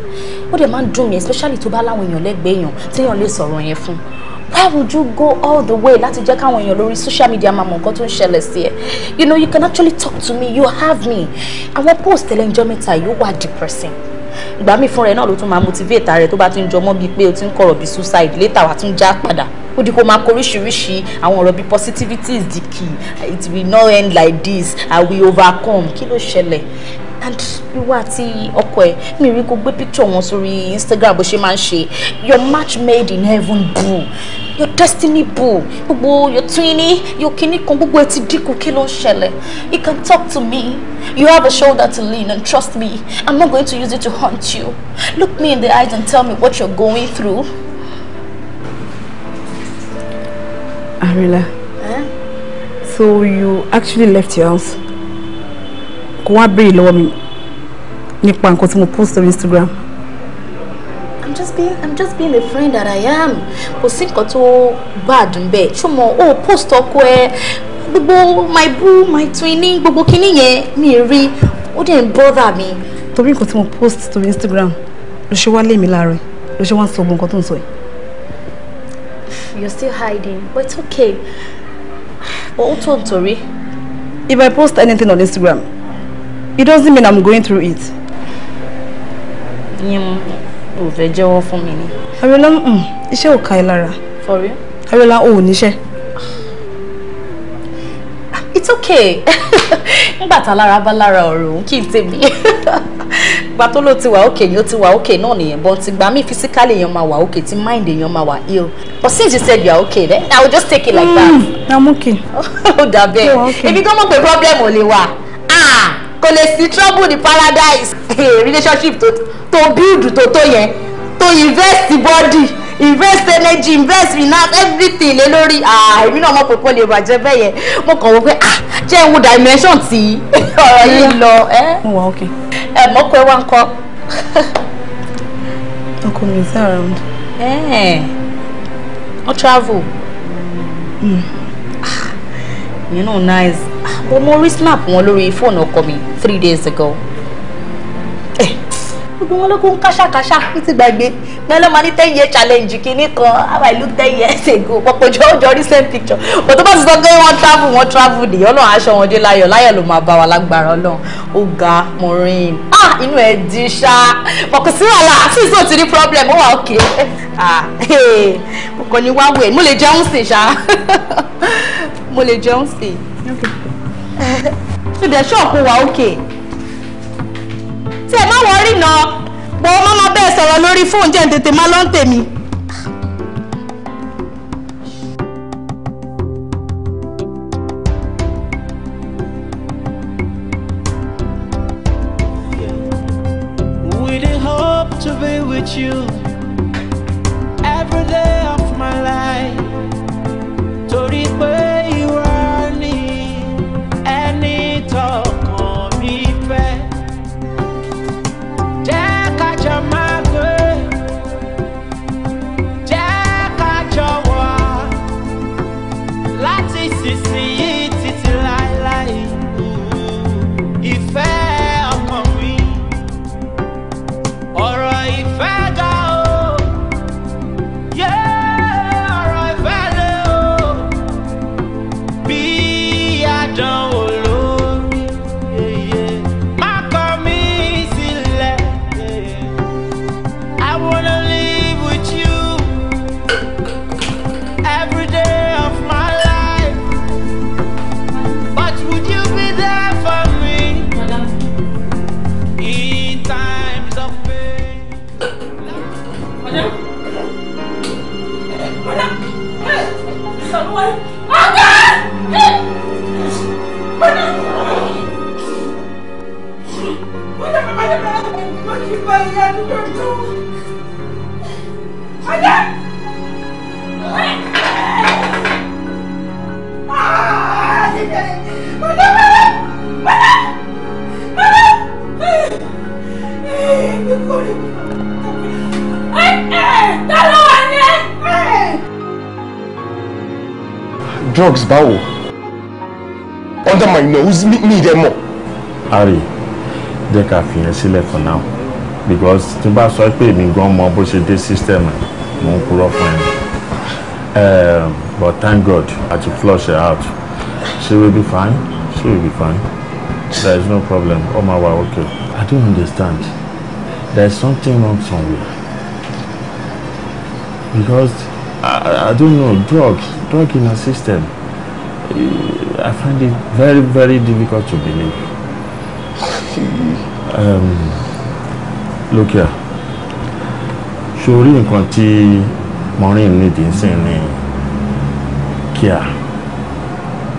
ó dẹ̀ máa ń dùn mí especially tó bá láwọn èèyàn lẹ́gbẹ̀ẹ́ èèyàn téèyàn lè sọ̀rọ̀ yẹn fún why would you go all the way láti jẹ́ káwọn èèyàn lórí social media máa mọ nǹkan tó ń ṣẹlẹ̀ sí ẹ you know you can actually talk to me you have me àwọn post tẹ̀lé ìjọ mẹ́ta yóò wá depressing ìgbà míì fúnra ẹ̀ náà ló tún máa motivate rẹ̀ tó bá ti ń jọmọ́ bíi pé o ti ń kọ̀rọ̀ bíi suicide later wà tún já padà ó di kó máa koríṣiríṣi àwọn ọ̀rọ̀ bíi positivity is the key it will not end like this i will overcome kí ló ṣẹlẹ̀ and ìwà àti ọkọ ẹ̀ mi rí kó gbé picture wọn sórí instagram bó ṣe máa ń ṣe your match made in heaven boo your destiny boo gbogbo your twini, your kinní kan gbogbo ẹ ti dínkù kí ló ń ṣẹlẹ̀ you can talk to me you have a shoulder to lean and trust me i'm not going to use it to hunt you look me in the eyes and tell me what you're going through. Arela. Eh? So you actually left your house? Kò wá béèrè lọ́wọ́ mi nípa nǹkan tí mo post on Instagram i'm just being i'm just being the friend that i am kò sí nǹkan tó bad ń bẹ ṣùgbọ́n o post ọkọ ẹ gbogbo my boo my twinning gbogbo kinní yẹn mi rí ó dẹ̀ bother me. torí nǹkan tí mo post to instagram ló ṣe wá lé mi láàárọ̀ ló ṣe wá ń sọ gbogbo nǹkan tó ń sọ yìí. you're still hiding but it's okay but ó tó nítorí. if i post anything on instagram it doesn't mean i'm going through it. Yeah o jẹ́wọ́ fún mi ni. Ariola mm, iṣẹ́ ò ka ẹ lára. For real? ò níṣẹ́. Ah, it's okay. Nígbà tá lára bá lára ọ̀rọ̀ òun kì í tèmi. Ìgbà tó ló ti wà òkè ni ó ti wà òkè náà nìyẹn but ìgbà míì physically èèyàn máa wà òkè tí mind èèyàn máa wà ill. But since you said you are okay then I will just take it like mm, that. Mm, I'm okay. Ó dà bẹ́ẹ̀. Èmi gan mọ̀ pé problem ò lè wà. Ah! kò lè sí trouble ní paradise eh, relationship tó tó build tó tó yẹn tó invest body invest energy invest finance everything lé lórí ah, èmi náà mo pòpò lè bàjẹ́ bẹ́ẹ̀ yẹn mo kàn wọ́n pé ah, jẹ́ ń dimension tí ọ̀rọ̀ yìí lọ ẹ mọ́kọ ẹ wá ń kọ́. ọkọ mi is around. ẹ ọ travel. Mm. You know, nice. Ah, but Maurice rí snap wọn lórí fóònù ọkọ mi three days ago. eh gbogbo wọn ló kún káṣàkáṣà ó ti gbàgbé wọn ló ní ten year challenge kìíní kan àwa ìlú ten years ago pọpọ jọ ó jọ recent picture kò tó bá ti sọ pé wọn travel wọn travel dè Ọlọ́run aṣọ wọn dé láyọ̀ láyọ̀ ló máa bá wa lágbára Ọlọ́run ó ga maureen ah inú ẹ di ṣá pọkù sí wàhálà àti ìṣó ti ní problem ó wà òkè ah mo kàn ní wáwé mo lè jẹun sí ṣá mo lè jẹun sí. ó dẹ̀ ṣọ́ọ̀kù wa ókè. Okay tí ẹ má wọrí nà bọ́ ọmọ máa bẹ́ẹ̀ sọ̀rọ̀ lórí fóun jẹ́ tètè má lọ́n tèmi. With hope to be with you drugs báwo under my nose meet me there more. Harry jẹ́ ká fi yẹn sílẹ̀ for now because tí n bá sọ pé èmi gan mọ bó ṣe dé system mo ń purọ́ fún ẹ ehm, but thank God I ti flush her out she will be fine she will be fine there is no problem ó my, wà okay I don't understand there is something wrong somewhere because I, I don't know drugs drug in her system, eh, I find it very, very difficult to believe. Um, look here. Surely, nǹkan tí Maureen nídìí ń sìn ní kíá.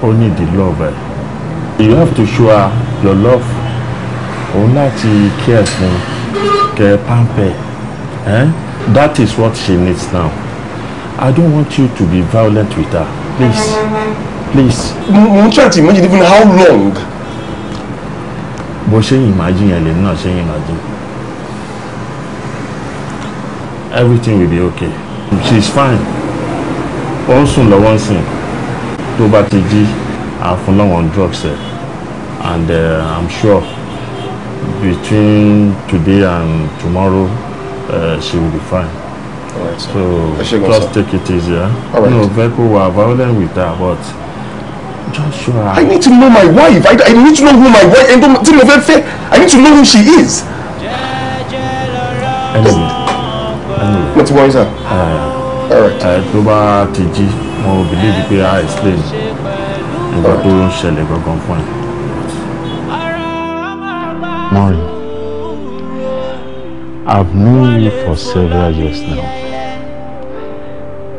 Ó nídìí You have to show her your love. Only she cares for. kẹ pamper. Eh? That is what she needs now. I don't want you to be violent with her. Please. Please. Mo try to imagine even how long. But ṣe imagine, máa jiyàn lè náà ṣe Everything will be okay. She is fine. Ó ń sùn lọ́wọ́ ń sìn. Tó bá ti jí, à drugs ẹ̀. And uh, I'm sure between today and tomorrow uh, she will be fine so just take it easy. Yeah? All right. No, people were violent with that, but Joshua. I need to know my wife. I, I need to know who my wife and tí mo fẹ́ I need to know who she is. Anyway, what's Mo ti worry sir. Uh, All right. Uh, tó bá ti jí, mo believe pé I explain nǹkan tó ń ṣẹlẹ̀ gangan fún ẹ. Maureen, I've known you for several years now.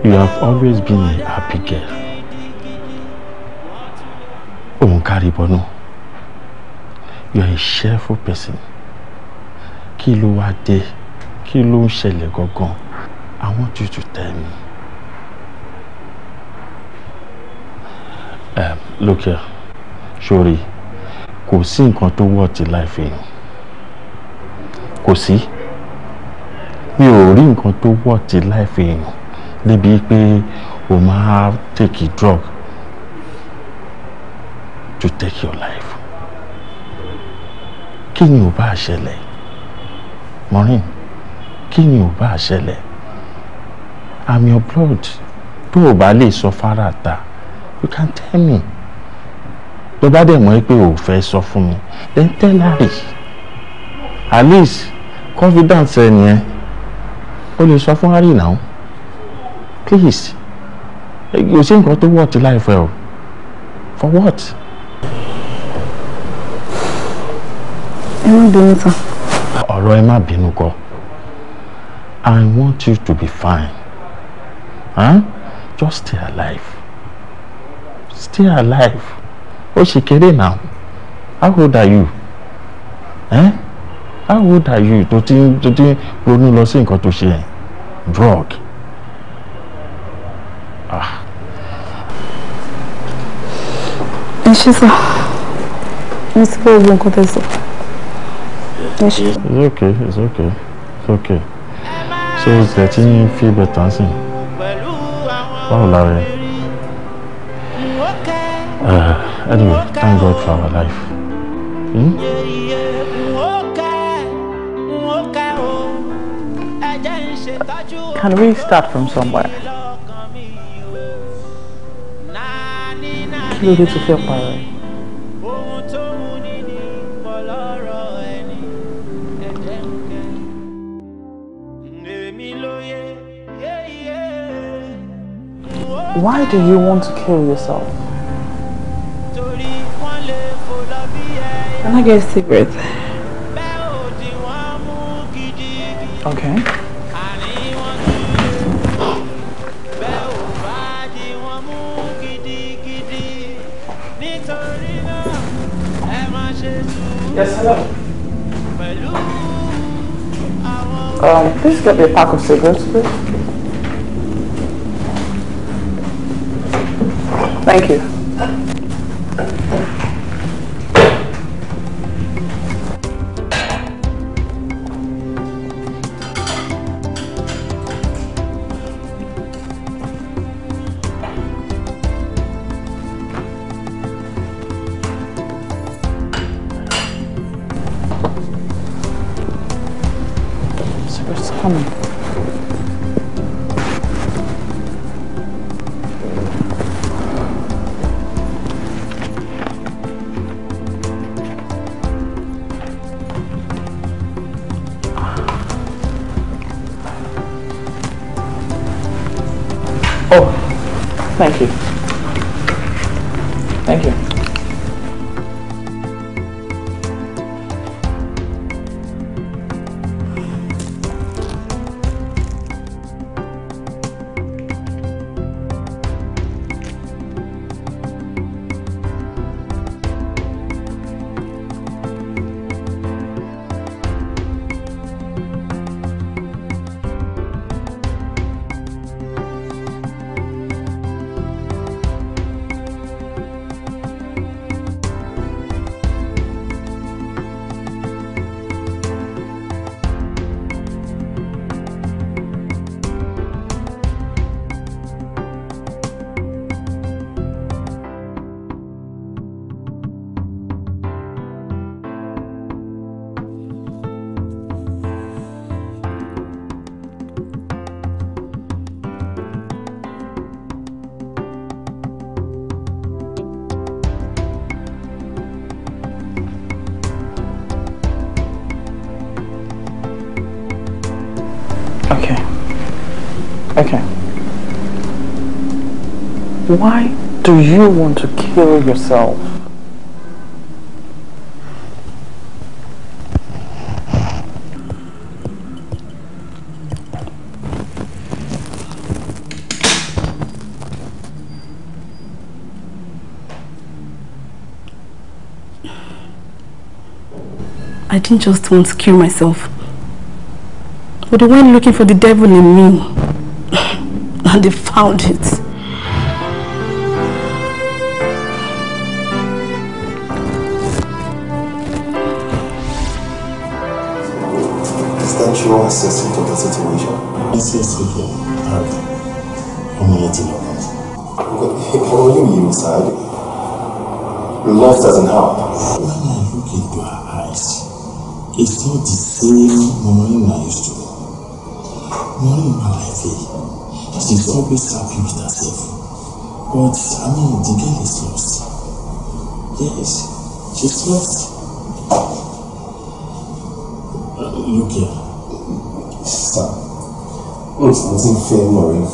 You have always been a happy girl. Òǹkàrí bọ̀nú. You are a cheerful person. Kí ló wá dé? gogon. I want you to tell me. Um, look here, Ṣorí, Kosi, sí nǹkan tó wọ̀ tí láìfẹ́ yìí. Kò sí. Mi ò rí nǹkan life in? débi pé o máa take drug to take your life kí ni ò bá ṣẹlẹ̀ Maureen kí ni ò bá ṣẹlẹ̀ i'm your blood tó o bá lè sọ fara ta you can tell me tó bá dẹ̀ mọ́ pé o fẹ́ sọ fún mi then tell Larry at least confidence ẹ nìyẹn o lè sọ fún Larry náà please kò sí nǹkan tó wọ́ọ̀tì life well? for what. ẹ má bínú tán. ọ̀rọ̀ ẹ má bínú kọ́ I want you to be fine huh? just stay alive stay alive ó ṣe kéré now how old are you eh? how old are you tó ti tó ti ronú lọ sí nǹkan tó ṣe drug. ṣe sọ mo ti kọ́ ogun it's okay it's okay it's okay so it's the you feel better sin báwo la rẹ anyway thank God for our life. Hmm? Can we start from somewhere? kí ló dé tó Why do you want to kill yourself? Can I get a cigarette? Okay. hello. Um, please get me a pack of cigarettes, please. Thank you. Why do you want to kill yourself? I didn't just want to kill myself. But they went looking for the devil in me. and they found it. assessment of the situation. nísinsìnyí ààrẹ ọmọ yẹn ti lọ. ọ̀rọ̀ yóò yé mi sáájú. love doesn't help. when I look into her eyes it's not the same Maureen I used to know. Maureen Malaike she's always happy with herself but I mean the girl is lost. yes she's lost. yes mo ti ń fẹ́ náà rẹ̀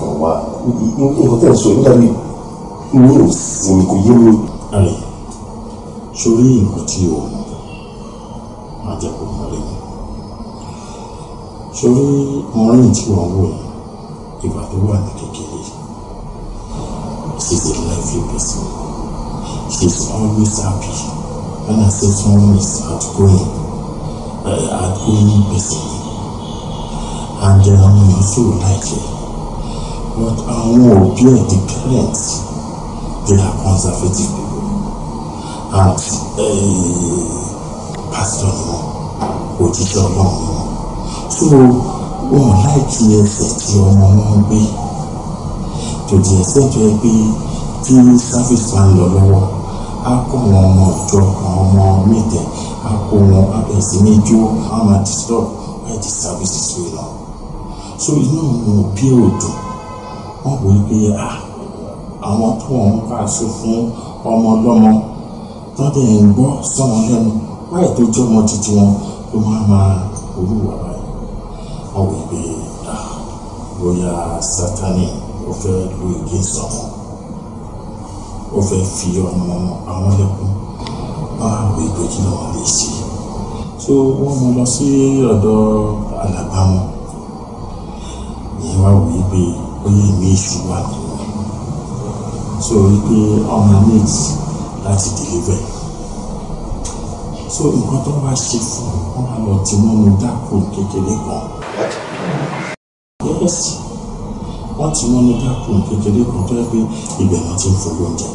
she's a lively person she's always happy when i say someone is outgoing uh, outgoing person and àwọn èèyàn sì ò láìkẹ́ but àwọn òbí ẹ̀ parents they are conservative people and eh, pastor ni wọn òjijì ọlọ́run ni wọn so wọn láìkí ẹsẹ̀ tí ọmọ wọn gbé tó di ẹsẹ̀ tó yẹ pé tí service máa ń lọ lọ́wọ́ á kó wọn ọmọ ìjọ àwọn ọmọ mẹ́tẹ̀ẹ́ á kó wọn abẹ́sẹ̀ ní ijó á máa disturb where the service is going on so inú àwọn òbí ò dùn wọ́n wò ó pé àwọn tó ọ̀hún bá ṣe fún ọmọ ọlọ́mọ tọ́jú ẹ̀ ń gbọ́ sọ́wọ́n lẹ́nu báyìí tó jẹ́ ọmọ títí wọn ló máa máa orú wà báyìí wọ́n wò ó pé bóyá sátani ó fẹ́ lu igi sọ̀rọ̀ ó fẹ́ fi ọmọ àwọn lẹ́kùn báwo ìgbẹ́jì náà lè ṣe so wọ́n mú lọ sí ọ̀dọ̀ àlàbà wọn wá wò ó pé ó yẹ mí ìṣù wà tó so wípé ọmọ méjì láti deliver so nǹkan tó wá ṣe fún wọn wá lọ tí wọn mú dáko kékeré kan yes wọn ti wọn ní dáko kékeré kan tó yẹ pé ibẹ̀ wọn ti ń fowó oúnjẹ.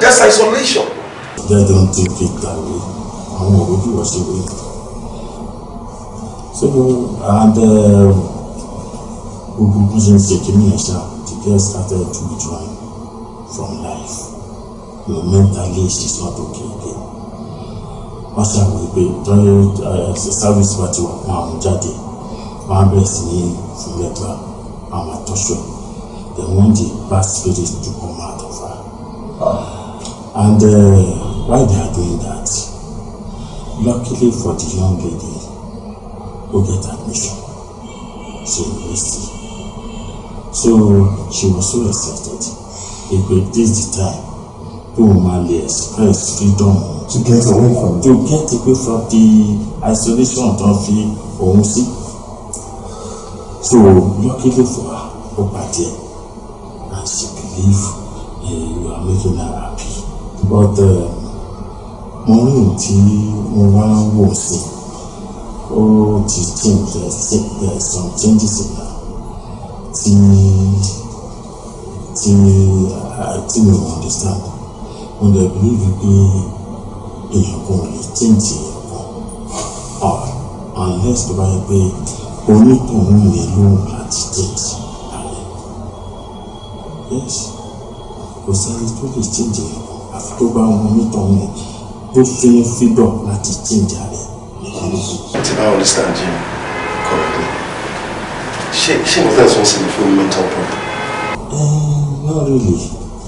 that's isolation. they don't take it that way àwọn òwe bí wọ́n ṣe wé so and. Uh, Who the girl started to withdraw from life. Your mental age is not okay again. Wọ́n ṣàwọ̀ pé tọ́lẹ̀ service wa ti wà fún àwọn jáde. Wọ́n á bẹ̀rẹ̀ sí ní fún lẹ́tọ́ àwọn àtọ́ṣọ́. They want the bad spirit to come out of her. And uh, why they are doing that? Luckily for the young lady we get admission, she missed it. So she was so excited. He could this the time to Mali express freedom. To get away from to get away from the isolation tó fi òun sí. So luckily for her, ó pàdé and she believe uh, eh, you are making her happy. But um, mo rí ohun tí mo wá wò sí. Ó ti change eh, there is some changes in her tí tí tí mi ò understand mo dẹ̀ believe pé èèyàn kan lè change èèyàn kan ah, unless tó bá yẹ pé onítọ̀hún yẹn ló ń láti change ààrẹ yes kò sẹ́ni tó lè change èèyàn kan àfi tó bá wọn onítọ̀hún yẹn tó fi ń fídọ̀ láti change ààrẹ. tí bá understand yìí. She she mo fẹ́ sọ sí mi fún mental problem. Uh, not really.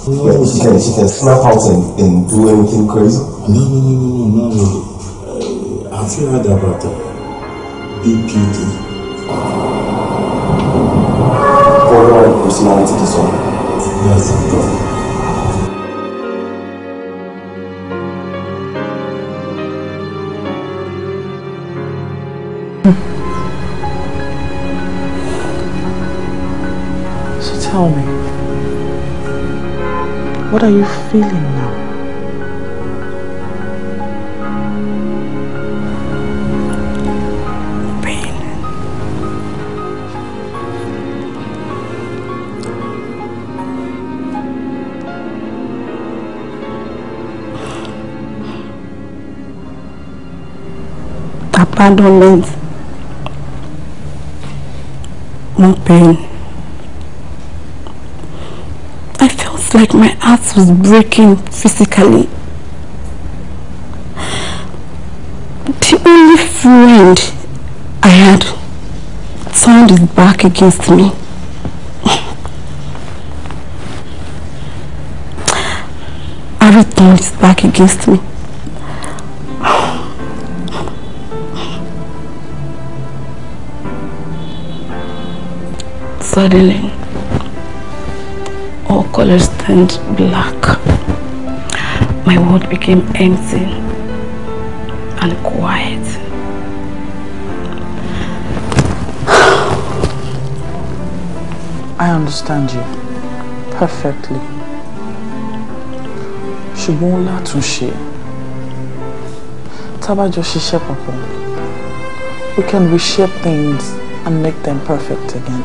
No, yeah, she can she can snap out and, and do anything crazy. No no no no no not really. Uh, have you heard about uh, BPD? Borderline personality disorder. Yes. What are you feeling now? Tá abandonment, no pain, like my heart was breaking physically. The only friend I had turned his back against me. Everything is back against me. Suddenly. colors turned black. My world became empty and quiet. I understand you perfectly. Ṣùgbọ́n látúnṣe, tá a bá jọ ṣiṣẹ́ papọ̀, we can reshape things and make them perfect again.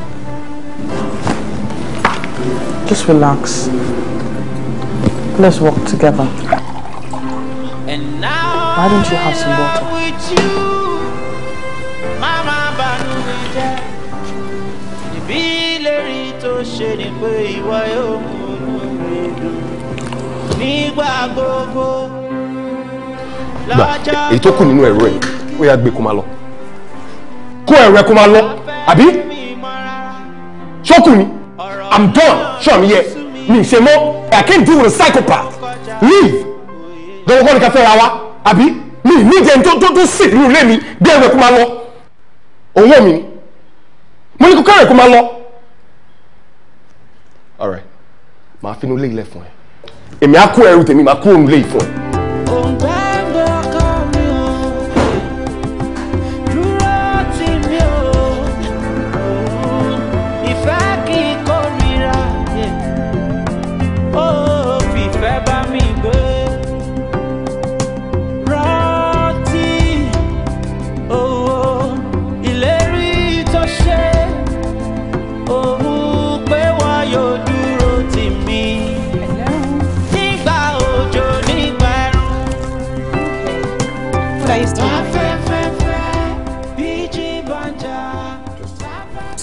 Just relax. Let's walk together. Why don't you have some water? Gbà èyí tó kù nínú ẹ̀rọ ẹ̀ ó yá gbé kó máa lọ. Kó ẹ̀rọ ẹ̀ kó máa lọ, àbí? Ṣókù ni, I'm done sọmi yẹ me say more. I can't deal with a psychopath leave Don't go to ká fẹ́ ra wa àbí mi don't ìjẹun tó tó tó sì nínú ilé mi bí ẹ̀rọ kó máa lọ òun ò mi ni mo ní kó kẹ́rẹ̀ kó máa lọ. ọ̀rẹ́ màá finú lé ilẹ̀ fún ẹ èmi á kó ẹrù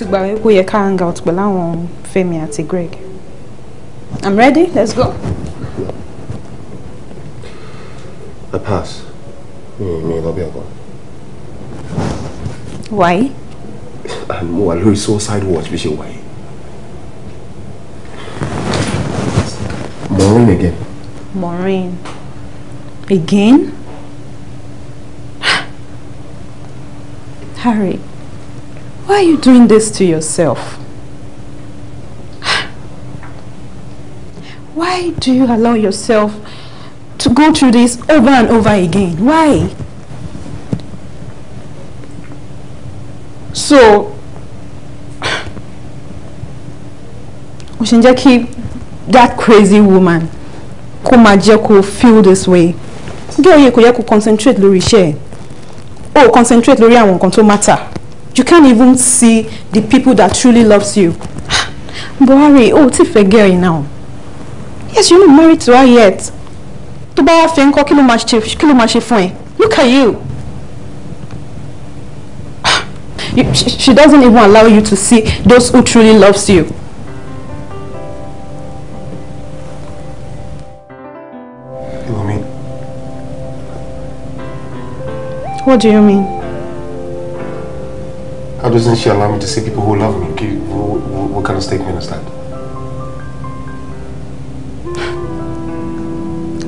gbà wí kó yẹ ká hang out pẹ̀lú àwọn Fẹ́mi àti Greg I'm ready let's go. I pass mi mi lọ bí ọkọ. why. mo wà lórí suicide watch bí ṣe wà Maureen again. Maureen again? Harry. Why are you doing this to yourself? Why do you allow yourself to go through this over and over again? Why? So, keep that crazy woman, Kumajeko, feel this way. Gé oyè kò yẹ kó concentrate lórí iṣẹ́ ẹ̀. concentrate lórí àwọn nǹkan tó matter you can't even see the people that truly loves you. Buhari, oh, ti fẹ́ girl now. Yes, you're not married to her yet. Tó bá wá fẹ́ ńkọ́ kí ló máa ṣe kí ló máa ṣe fún Look at you. you she, she doesn't even allow you to see those who truly loves you. you mean? What do you mean? How doesn't she allow me to see people who love me? What, what kind of statement is that?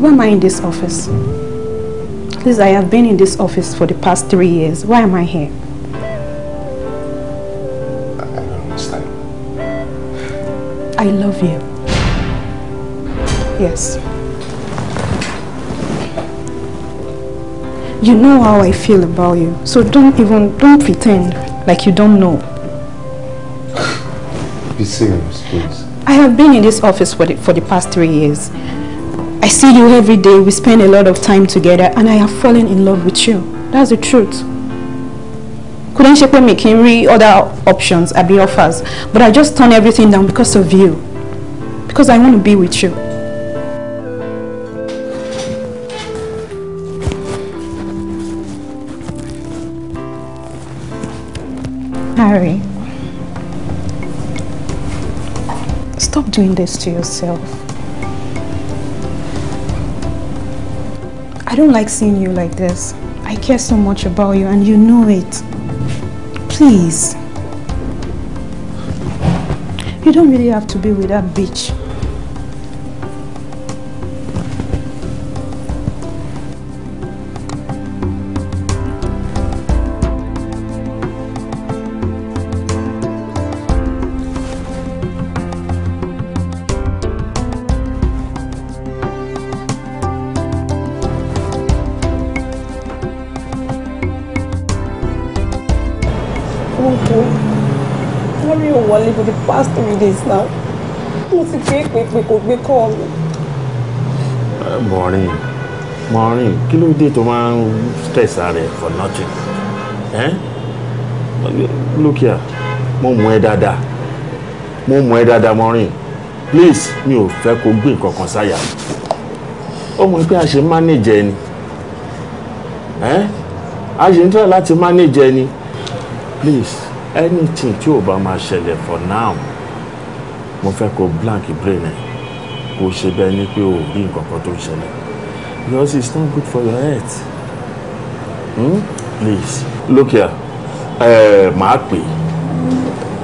Why am I in this office? Please, I have been in this office for the past three years. Why am I here? I don't understand. I love you. Yes. You know how I feel about you, so don't even, don't pretend like you don't know. Be serious, please. I have been in this office for the, for the past three years. I see you every day, we spend a lot of time together, and I have fallen in love with you. That's the truth. Couldn't shape me can other options, at the be offers, but I just turn everything down because of you. Because I want to be with you. this to yourself. I don't like seeing you like this. I care so much about you and you know it. Please. You don't really have to be with that bitch. Wálé for the past three days now mo ti pé pé pé kò gbé kọ́ mi. Eh, mọ̀rin mọ̀rin kí ló dé tó máa stress rẹ for nothing eh? look here mo where ẹ́ dáadáa mo mọ̀ ẹ́ dáadáa mọ̀rin please mi ò fẹ́ kó gbé nǹkan Oh my ọmọ ẹgbẹ́ àṣẹ manager ẹni eh? a ṣe ń tọ́ manage ẹni please anything tí ò bá máa ṣẹlẹ̀ for now mo fẹ́ kó blank brain ẹ̀ kó ṣe bẹ́ẹ̀ ni pé o rí nǹkan tó ṣẹlẹ̀ because it's not good for your health hmm? please look here ẹ máa pè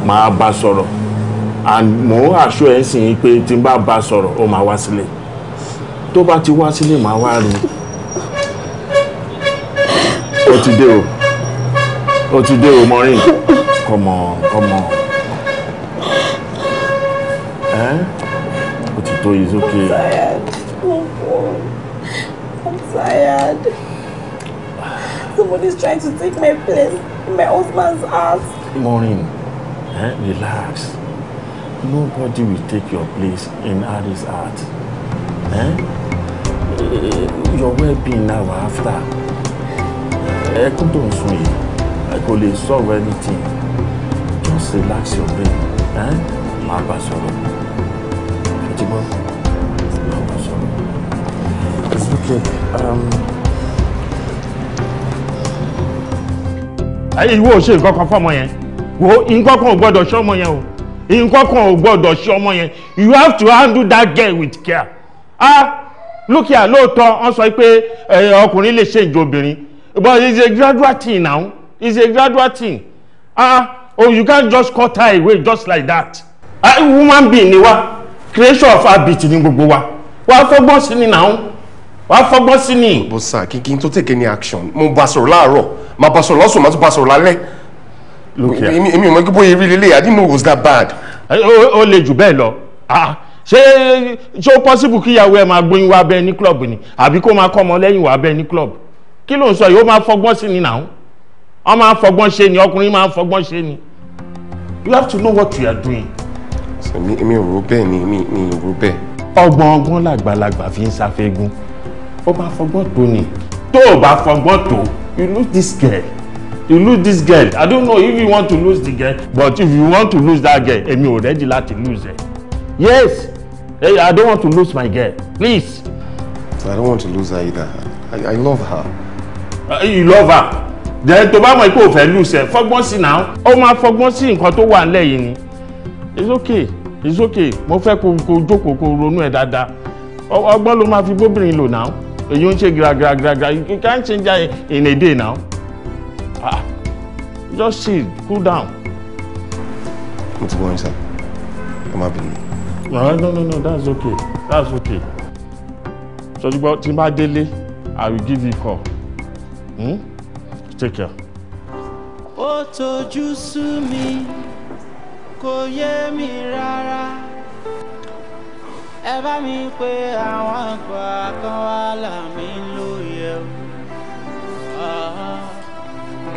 máa bá sọ̀rọ̀ and mo ń àṣọ ẹ̀ sìn pé tí n bá bá sọ̀rọ̀ ó máa wá sílé tó bá ti wá sílé máa wá rí ó ti dé o ó ti dé o mọ́rin. Come on, come on. Eh? Otito is okay. I'm tired. I'm tired. Somebody's trying to take my place in my husband's house. Maureen, eh? Relax. Nobody will take your place in Harry's heart. Eh? eh your well-being now after. Ẹ eh, kún tó ń sun kò lè solve anything just relax your brain máa bá sọ̀rọ̀ ẹtí gbọ́ máa bá sọ̀rọ̀ okay. Um, ẹ̀yin ìwọ ò ṣe nǹkan kan fọmọ yẹn wo nǹkan kan ò gbọ́dọ̀ ṣọmọ yẹn o nǹkan kan ò gbọ́dọ̀ ṣọmọ yẹn you have to handle that girl with care ah look here lóòótọ́ wọ́n sọ pé eh, ọkùnrin lè ṣe ìjọ obìnrin but it's a gradual thing now It's a gradual thing. Ah, oh, you can't just cut her away just like that. Ah, woman being ni wa, creation of habit ni gbogbo wa. Wàá fọgbọ́n sí ni now. Wàá fọgbọ́n sí ni. Bó sá kí kí n tó take any action, mo bá sọ̀rọ̀ láàárọ̀, màá bá sọ̀rọ̀ lọ́sùn, màá tún bá sọ̀rọ̀ lálẹ́. Look here. Èmi ò mọ gbogbo eré lélẹ̀, I didn't know it was that bad. Ó le jù bẹ́ẹ̀ lọ. Ah ṣé ṣé ó possible kí ìyàwó ẹ máa gbóyún wá bẹ́ẹ̀ ní club ni àbí kó máa kọ́ ọmọ lẹ́yìn wá bẹ́ẹ̀ ní club kí ló ń sọ yìí ó máa fọgbọ́n sí ni now wọ́n máa ń fọgbọ́n ṣe ni ọkùnrin máa ń ṣe ni you have to know what you are doing. sọ mi mi ò rò bẹ́ẹ̀ ni mi mi ò rò bẹ́ẹ̀. ọgbọ́n ọgbọ́n làgbàlagbà fi ń ṣàfẹ́gùn ó bá fọgbọ́n tó ni tó o bá fọgbọ́n tó you lose this girl you lose this girl i don't know if you want to lose the girl but if you want to lose that girl èmi ò ready láti lose her. yes hey, i don't want to lose my girl please. i don't want to lose her either i, I love her. Uh, you love her jẹ́ tó bá mọ̀ pé ò fẹ́ lùsẹ̀ fọgbọ́n sí náà ó máa fọgbọ́n sí nǹkan tó wà nílẹ̀ yìí ni it's okay it's okay mo fẹ́ kó kó jókòó kó ronú ẹ̀ dáadáa ọgbọ́n ló máa fi bóbìnrin lò náà èyí ń ṣe gíragíragíra you can't change that in a day now ah just sit. cool down. mo ti wọ́n sá ẹ má bínú. no no no that's okay that's okay sọdúgbọ́ tí n bá délé i will give you call. Hmm? Take care. Ó tojú sú mi, kò yé mi rárá. Ẹ bá mi pé àwọn àgbà kan wá là mí lóye o.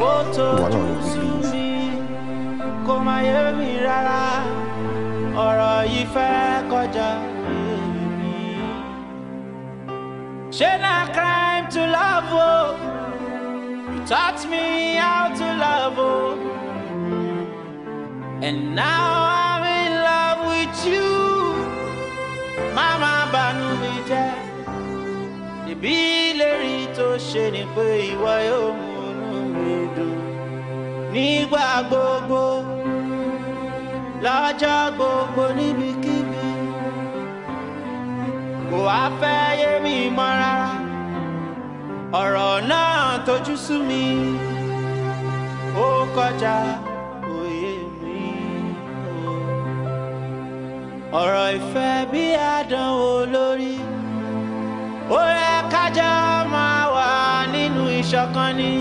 Ó tojú sú mi, kò má yé mi rárá. Ọ̀rọ̀ yìí fẹ́ kọjá. Ṣé na crime to love o taught me how to love. Oh. And now I'm in love with you. Mama bànú mi jẹ́. sheni ìlérí tó ṣe ni pé ìwọ yóò múnú mi dùn. Nígbà gbogbo, lọ́jọ́ gbogbo mi mọ́ ọ̀rọ̀ náà tójú sú mi ó kọjá òye mi ọ̀rọ̀ ìfẹ́ bí àdánwò lórí ó yẹ kájọ máa wà nínú ìṣọ̀kan ni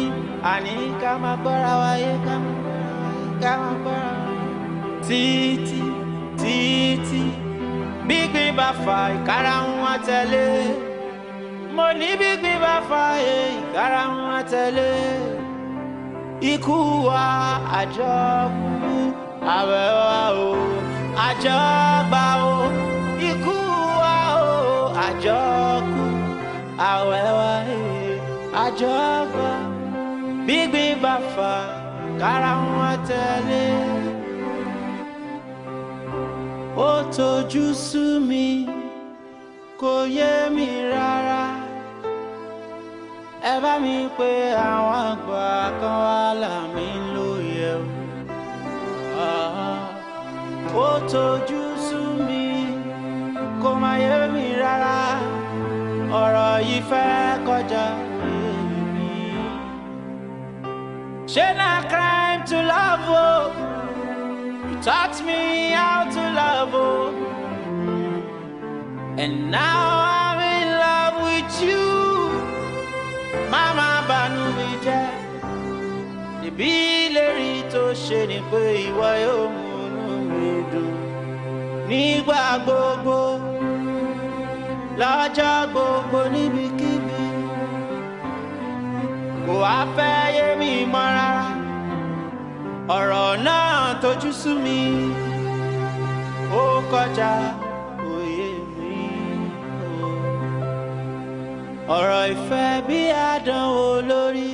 àní ká máa gbọ́ra wáyé ká máa gbọ́ra wáyé ká máa gbọ́ra títí títí bí gbígbà fà ìkarahun àtẹ̀lé mo ní bí gbín bá fààyè ìkarahun àtẹ̀lé ikú wa àjọ kú àwẹ̀ wa o àjọ gbà o ikú wa o àjọ kú àwẹ̀ wa e àjọ gbà bí gbín bá fà ìkarahun àtẹ̀lé ó tojú sú mi kò yé mi rárá ẹ bá mi pé àwọn àgbà kan wà láàmì lóye o ó tójú sú mi kó má yé mi rárá ọ̀rọ̀ yìí fẹ́ kọjá èmi ṣé na crime to love o you taught me how to love o and now I'm in love with you máma banú mi jẹ́ ìbí lérí tó ṣe ni pé ìwọ yóò múnú mi dùn nígbà gbogbo lọ́jọ́ gbogbo níbikíbi kò wá fẹ́ yé mi mọ́ rárá ọ̀rọ̀ náà tójú sú mi ó kọjá. ọ̀rọ̀ ìfẹ́ bí àdánwò lórí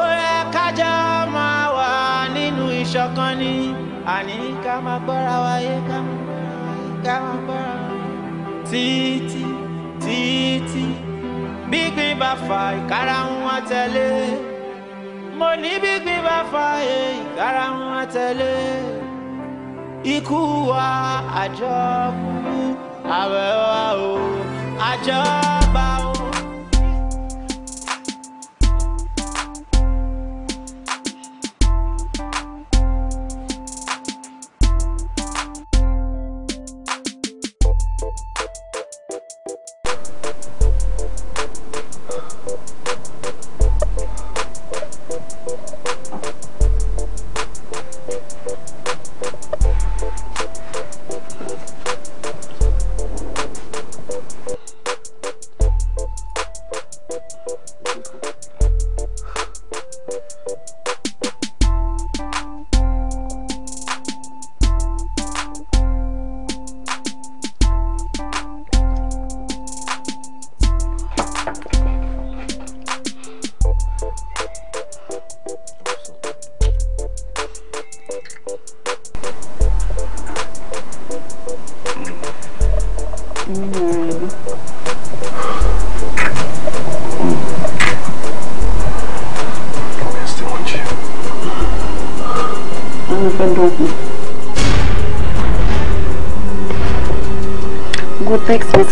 ó yẹ kájọ máa wà nínú ìṣọ̀kan ni àní ká máa gbọ́ra wáyé ká máa gbọ́ra wáyé ká máa gbọ́ra wáyé títí títí gbígbín bá fa ìkarahun àtẹ̀lé mo ní gbígbín bá fa e, ìkarahun àtẹ̀lé ikú wa àjọkú àwẹ̀ wa o àjọba o.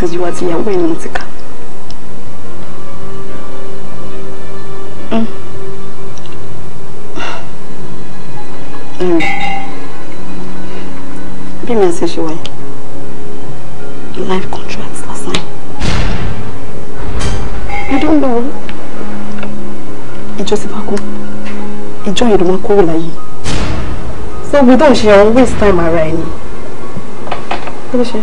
àtẹ̀jú àti ìyàwó ẹ̀ ni mo ti kà. bí mi àti ṣe wáyé life contract lásán you don't know ìjọ ti bá kú ìjọ yìí ló máa kúrò láyé so we don't share always time ara ẹni. kí ló ṣe?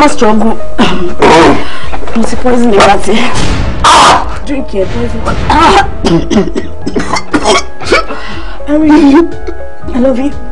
I struggle. Mo ti poison ìgbà tí. Drink it, poison. I love you.